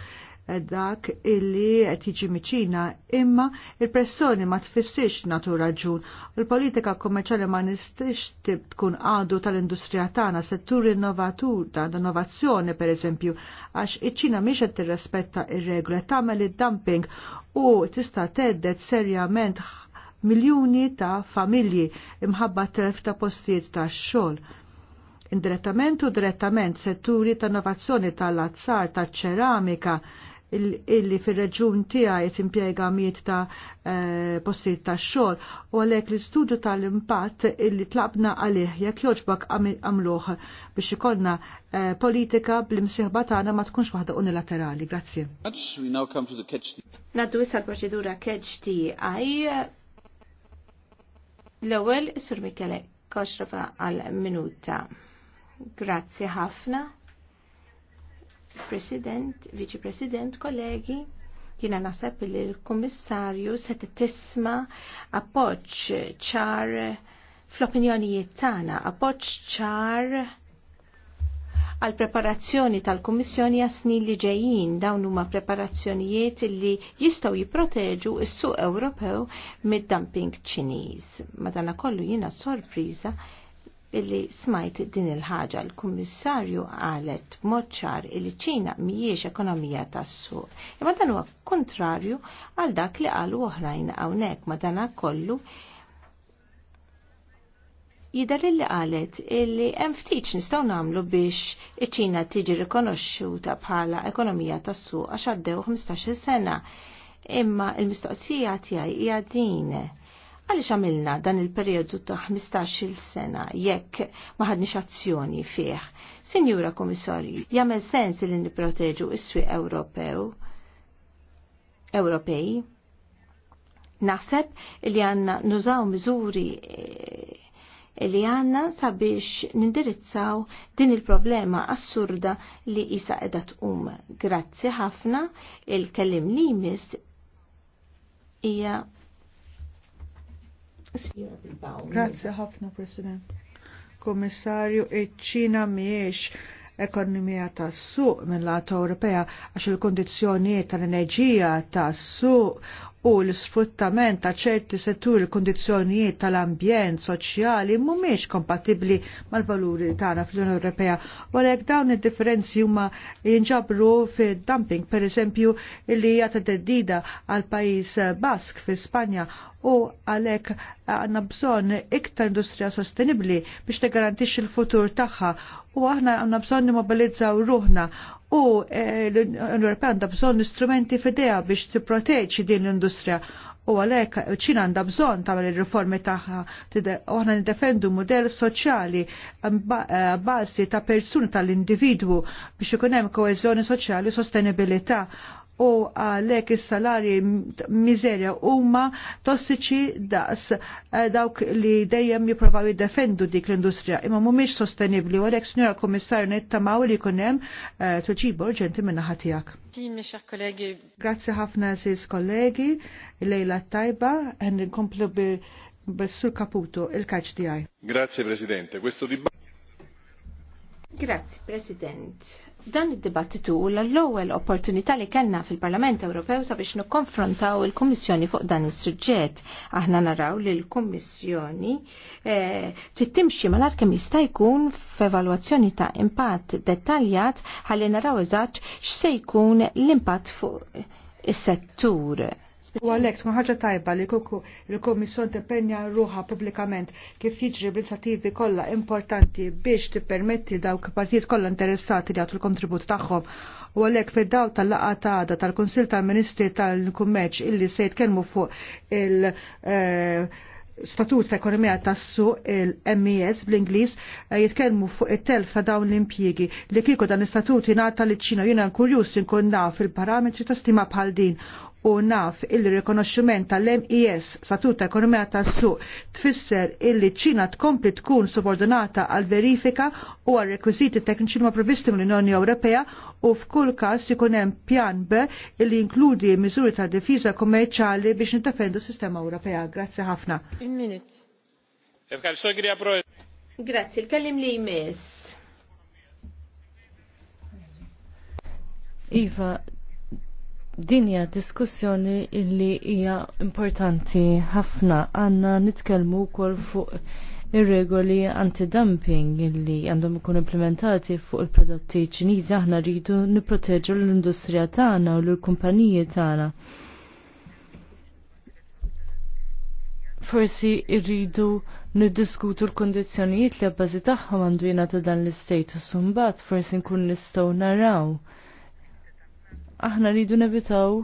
dak illi qed jiġi miċina imma il-pressjoni ma tfissirx natu raġun. Il-politika kommerċjali ma nistix tkun għadu tal-industrija tagħna settur innovatur ta' innovazzjoni pereżempju għax iċ-Ċina mhix qed tirrespetta ir-regoli tagħmel id-dumping u tista' tedded serjament miljuni ta' familji imħabba telf ta' postijiet ta' xogħol indirettament u direttament setturi ta' innovazzjoni tal-azzar, ta' ċeramika, illi fil-reġun tiegħi timpiega miet ta' eh, postiet ta' xogħol u għalhekk l-istudju tal-impatt illi tlabna għalih jekk joġbok għamluh biex ikollna eh, politika bl-imsieħba tagħna ma tkunx waħda unilaterali. Grazzi. Naddu issa l-proċedura catch għaj l-ewwel Sur Michele Koxrafa għal minuta. Grazzi ħafna. President, Vice President, kollegi, jina nasab li l-Kommissarju se tisma appoċ ċar fl-opinjonijiet tagħna, appoċ ċar għal preparazzjoni tal-Kummissjoni għas-snin li ġejjin dawn huma preparazzjonijiet li jistgħu jipproteġu s-suq Ewropew mid-dumping Ċiniż. Madana kollu jiena sorpriża illi smajt din il-ħaġa l-Kummissarju għalet moċċar illi ċina mhijiex ekonomija tas-suq. Imma dan huwa kontrarju għal dak li qalu oħrajn hawnhekk ma dan kollu jidher li qalet illi hemm ftit nistgħu nagħmlu biex iċ-Ċina tiġi rikonoxxuta bħala ekonomija tas-suq għax għaddew 15-il sena. Imma l mistoqsija tiegħi hija din Għaliex għamilna dan il-periodu ta' 15-il sena jekk ma ħadniex azzjoni fih. Sinjura Komissarju, jagħmel sens li nipproteġu is-swieq Ewropew Ewropej. Naħseb li għanna nużaw miżuri eh, li għanna sabiex nindirizzaw din il-problema assurda li jisa edat tqum. Grazzi ħafna il-kellim li jmiss hija Grazie ħafna, President. Kommissarju. iċ-Ċina miex ekonomija tas-suq mill Lata Ewropea għax il-kondizzjonijiet tal-enerġija tas-suq u l-sfruttament ta' ċerti settur kondizjonijiet tal-ambjent soċjali mhumiex kompatibbli mal-valuri tagħna fl-Unjoni Ewropea. Għalhekk dawn id-differenzi huma jinġabru fid-dumping, pereżempju li hija teddida għal pajjiż Bask fi Spanja u għalhekk għandna bżonn iktar industrija sostenibbli biex tegarantix il-futur tagħha u aħna għandna bżonn nimmobilizzaw ruħna u eh, l-Unjoni Ewropea għandha bżonn istrumenti fidea biex tipproteġi din l-industrija u għalhekk ċina għandha bżonn tagħmel ir-riformi tagħha u aħna nidefendu mudell soċjali eh, eh, bażi ta' persuni tal-individwu biex ikun hemm koeżjoni soċjali u sostenibilità u għalek il-salari mizerja u ma tossiċi daqs eh, dawk li dejjem jiprofaw jiddefendu dik l-industrija imma mhumiex sostenibli u għalek s-njura Kummissarju nittamaw li kunem eh, tuġibu urġenti minna ħatijak. Grazie ħafna sis kollegi, lejla tajba, nkomplu bis-sur Caputo, il-kaċ tiegħi. Grazie Presidente, questo dibattito Grazzi, President. Dan id-dibattitu l-ewwel opportunità li kellna fil-Parlament Ewropew sabiex nikkonfrontaw il-Kummissjoni fuq dan is-suġġett. Aħna naraw li l-Kummissjoni eh, tittimxi malar kemm jista' jkun f'evalwazzjoni ta' impatt dettaljat ħalli naraw eżatt x'se jkun l-impatt fuq is-settur U għalek tkun ħaġa tajba li kuku il-Komissjon tippenja ruħa pubblikament kif jiġri bl-inizjattivi kollha importanti biex tippermetti dawk partijiet kollha interessati li jagħtu l-kontribut tagħhom. U għalek fid-daw tal-laqa ta' tal konsil tal-Ministri tal-Kummerċ illi se jitkellmu fuq il- eh, Statut ta' Ekonomija tassu il-MES bl-Inglis eh, jitkellmu fuq it-telf ta' dawn l-impjiegi li kiko dan istatut jingħata liċ ċina jiena kurjus inkun naf fil-parametri ta' stima bħal din u naf il rekonoxximent tal-MES Statuta Ekonomija tas-Suq tfisser illi ċina tkompli tkun subordinata għal verifika u għal rekwiżiti tekniċi ma provvisti mill-Unjoni Ewropea u f'kull każ ikun hemm pjan B illi jinkludi miżuri ta' difiża kummerċjali biex nitefendu s-sistema Ewropea. Grazzi ħafna. Grazzi, il-kellim li jmiss. Iva, Dinja diskussjoni illi hija importanti ħafna għanna nitkellmu wkoll fuq ir-regoli anti-dumping illi għandhom ikun implementati fuq il-prodotti ċiniżi aħna rridu nipproteġu l-industrija tagħna u l-kumpaniji tagħna. Forsi rridu niddiskutu l kondizjonijiet li għabbażi tagħhom għandu jingħata dan l-istatus u mbagħad forsi nkun nistgħu naraw aħna rridu nevitaw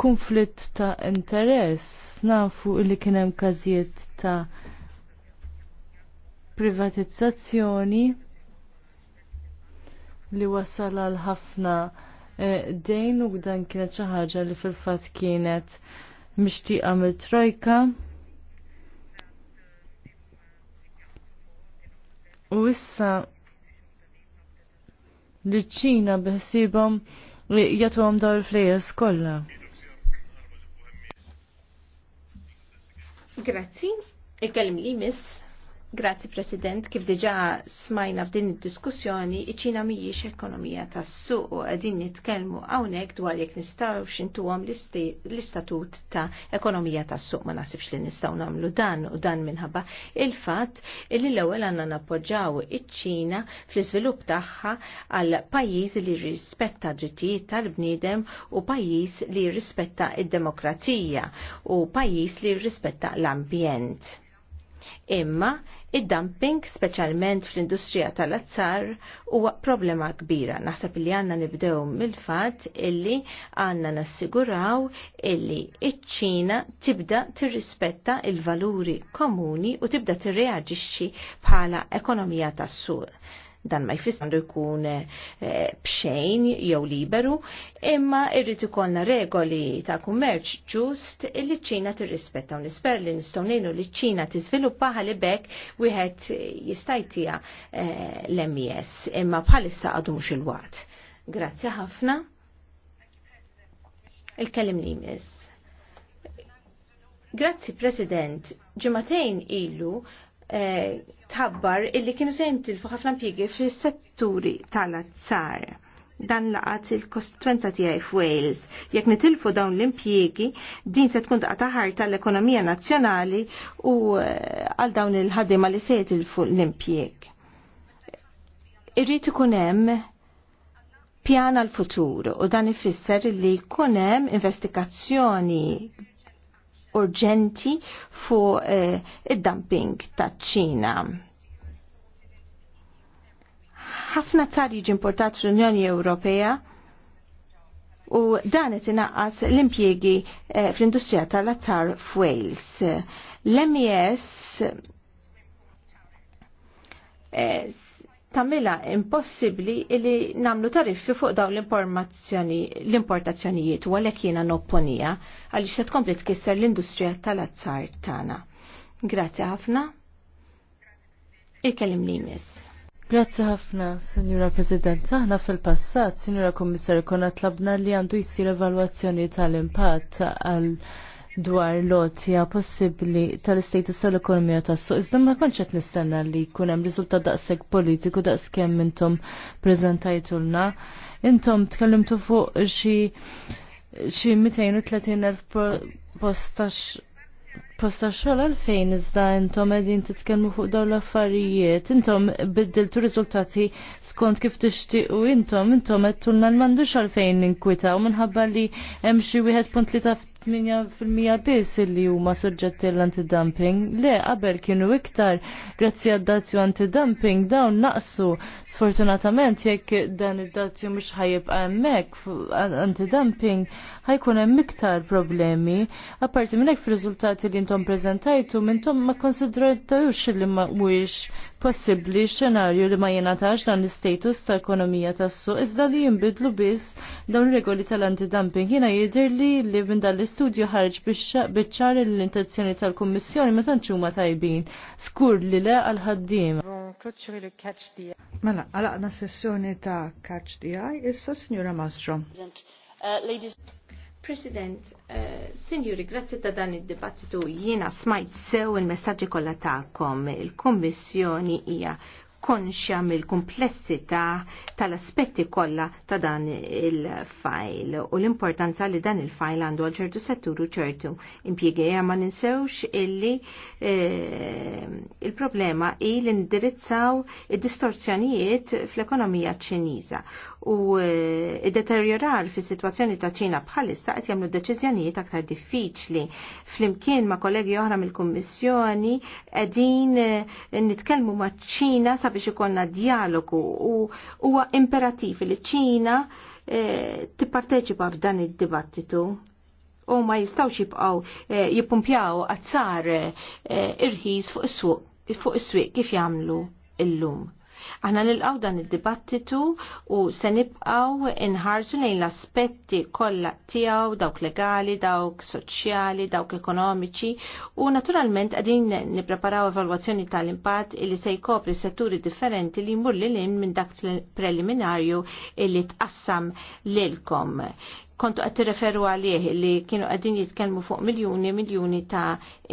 konflitt ta' interess. Nafu illi kien hemm każijiet ta' privatizzazzjoni li wasala għal ħafna e, dejn u dan kienet xi ħaġa li fil-fatt kienet mixtieqa mit-trojka. U issa li ċina biħsibom jagħtuhom daw il-flejes kollha. Grazzi, ikkellim li miss. Grazzi President, kif diġa smajna f'din id-diskussjoni, iċina ċina mhijiex ekonomija tas-suq u qegħdin nitkellmu hawnhekk dwar jekk nistgħu x'intuhom l-istatut ta' ekonomija tas-suq ma nasibx li nistgħu nagħmlu dan u dan minħabba il-fatt li l-ewwel għandna nappoġġaw iċ-Ċina fl-iżvilupp tagħha għal pajiz li rispetta drittijiet tal-bniedem u pajjiż li rispetta id-demokrazija u pajjiż li rispetta l-ambjent. Imma Id-dumping, speċjalment fl-industrija tal-azzar, huwa problema kbira. Naħseb li għanna nibdew mill-fat illi għanna nassiguraw illi iċ-Ċina tibda tirrispetta il-valuri komuni u tibda tirreaġixxi bħala ekonomija tas-suq dan ma jfiss għandu jkun eh, bxejn jew liberu, imma irrid ikollna regoli ta' kummerċ ġust li ċina tirrispetta u nisper li nistgħu ngħidu li ċina tiżviluppa ħalli bekk wieħed jistajtija eh, l-MES imma bħalissa għadu mhux il-waqt. Grazzi ħafna. Il-kellim li jmiss. Grazzi President, ġematejn ilu Eh, tabbar illi kienu se jintilfu ħafna impjiegi fis-setturi tal-azzar. Dan laqat il kostwenza tiegħi f'Wales. Jekk nitilfu dawn l-impjiegi, din se tkun daqta ħar tal ekonomija nazzjonali u eh, għal dawn il-ħaddiema li se jitilfu l-impjieg. Irrid ikun hemm pjan għall futur u dan ifisser li jkun hemm investigazzjoni urġenti fuq eh, id-dumping taċ ċina ħafna tar jiġi importat fl-Unjoni Ewropea u dan qed inaqqas l-impjiegi eh, fl-industrija tal-azzar f'Wales. L-MES eh, tamila impossibli li namlu tariffi fuq daw l-importazzjonijiet u għalek jena nopponija għalix se tkompli tkisser l-industrija tal-azzar tana. Grazie ħafna. il kellim li jmiss. Grazzi ħafna, Signora President. Aħna fil-passat, Signora Kommissar, konna tlabna li għandu jisir evalwazzjoni tal-impatt għal dwar lotja possibbli tal-istatus tal-ekonomija tas-suq. Iżda ma kontx qed nistenna li jkun hemm riżultat daqshekk politiku daqskemm intom preżentajtulna. Intom tkellimtu fuq xi xi 230,000 postax posta xol għalfejn iżda intom għedin titkellmu fuq daw l-affarijiet, intom biddiltu riżultati skont kif u intom, intom tulna l-mandux għalfejn u minħabba li hemm xi taf. 8% biss li huma soġġetti l-antidumping. Le, qabel kienu iktar grazzi għad dazju antidumping dawn naqsu. Sfortunatament jekk dan id-dazju mhux ħajibqa' hemmhekk antidumping ħajkun hemm iktar problemi. Apparti minn hekk fir-riżultati li intom preżentajtu minn ma konsidratux li ma mhuwiex possibbli xenarju li ma jenatax dan l-status ta' ekonomija tas-suq iżda li jinbidlu biss dawn regoli tal-antidumping. Jiena jidir li li minn dan l-istudju ħarġ biċċar l-intenzjoni tal-Kummissjoni ma tantx tajbin. Skur li le għal ħaddiem. Mela, għalaqna sessjoni ta' Catch the Eye, issa Signora Mastro. Uh, President, uh, Signori, ta' dan id-dibattitu jiena smajt sew il-messagġi kollha tagħkom. Il-Kummissjoni hija konxja mill-komplessità tal-aspetti kollha ta' dan il-fajl u l-importanza li dan il-fajl għandu għal ċertu settur u ċertu impjegija ma ninsewx illi eh, il-problema hi li indirizzaw id-distorzjonijiet fl-ekonomija ċiniża u eh, id-deteriorar fis situazzjoni ta' ċina bħalissa qed jagħmlu deċiżjonijiet aktar diffiċli. Flimkien ma' kollegi oħra mill-Kummissjoni qegħdin eh, nitkellmu ma' ċina biex ikonna dialogu u huwa imperativ li ċina eh, tipparteċipa f'dan id-dibattitu u ma jistawx jibqgħu eh, jippumpjaw azzar eh, irħis fuq is-suq kif jagħmlu illum. Aħna nilqaw dan id-dibattitu u se nibqaw inħarsu lejn l-aspetti kollha tiegħu dawk legali, dawk soċjali, dawk ekonomiċi u naturalment qegħdin nippreparaw evalwazzjoni tal-impatt li se jkopri setturi differenti li jmur lil minn dak preliminarju li tqassam lilkom kontu qed tirreferu għalih li kienu qegħdin jitkellmu fuq miljoni miljuni ta'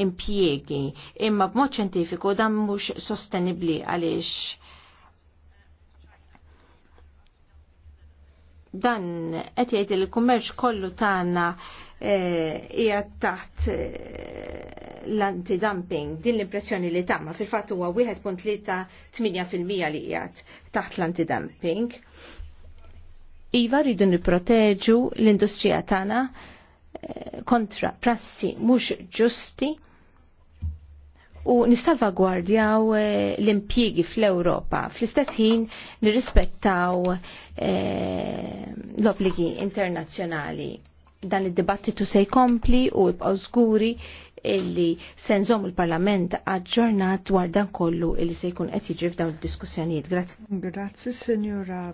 impjiegi imma b'mod ċentifiku dan mhux sostenibbli għaliex dan qed jgħid il-kummerċ kollu tagħna eh, hija taħt eh, l-antidumping, din l-impressjoni li tagħma fil-fatt huwa 1.38% li qiegħed taħt l-antidumping. Iva rridu nipproteġu l-industrija tagħna eh, kontra prassi mhux ġusti u nissalvagwardjaw eh, l-impjiegi fl-Ewropa. Fl-istess ħin nirrispettaw eh, l-obligi internazzjonali. Dan id-dibattitu se jkompli u jibqgħu żguri illi senżom il-Parlament aġġornat dwar dan kollu illi se jkun qed jiġri f'dawn id-diskussjonijiet. Grazzi. Grazzi, Sinjura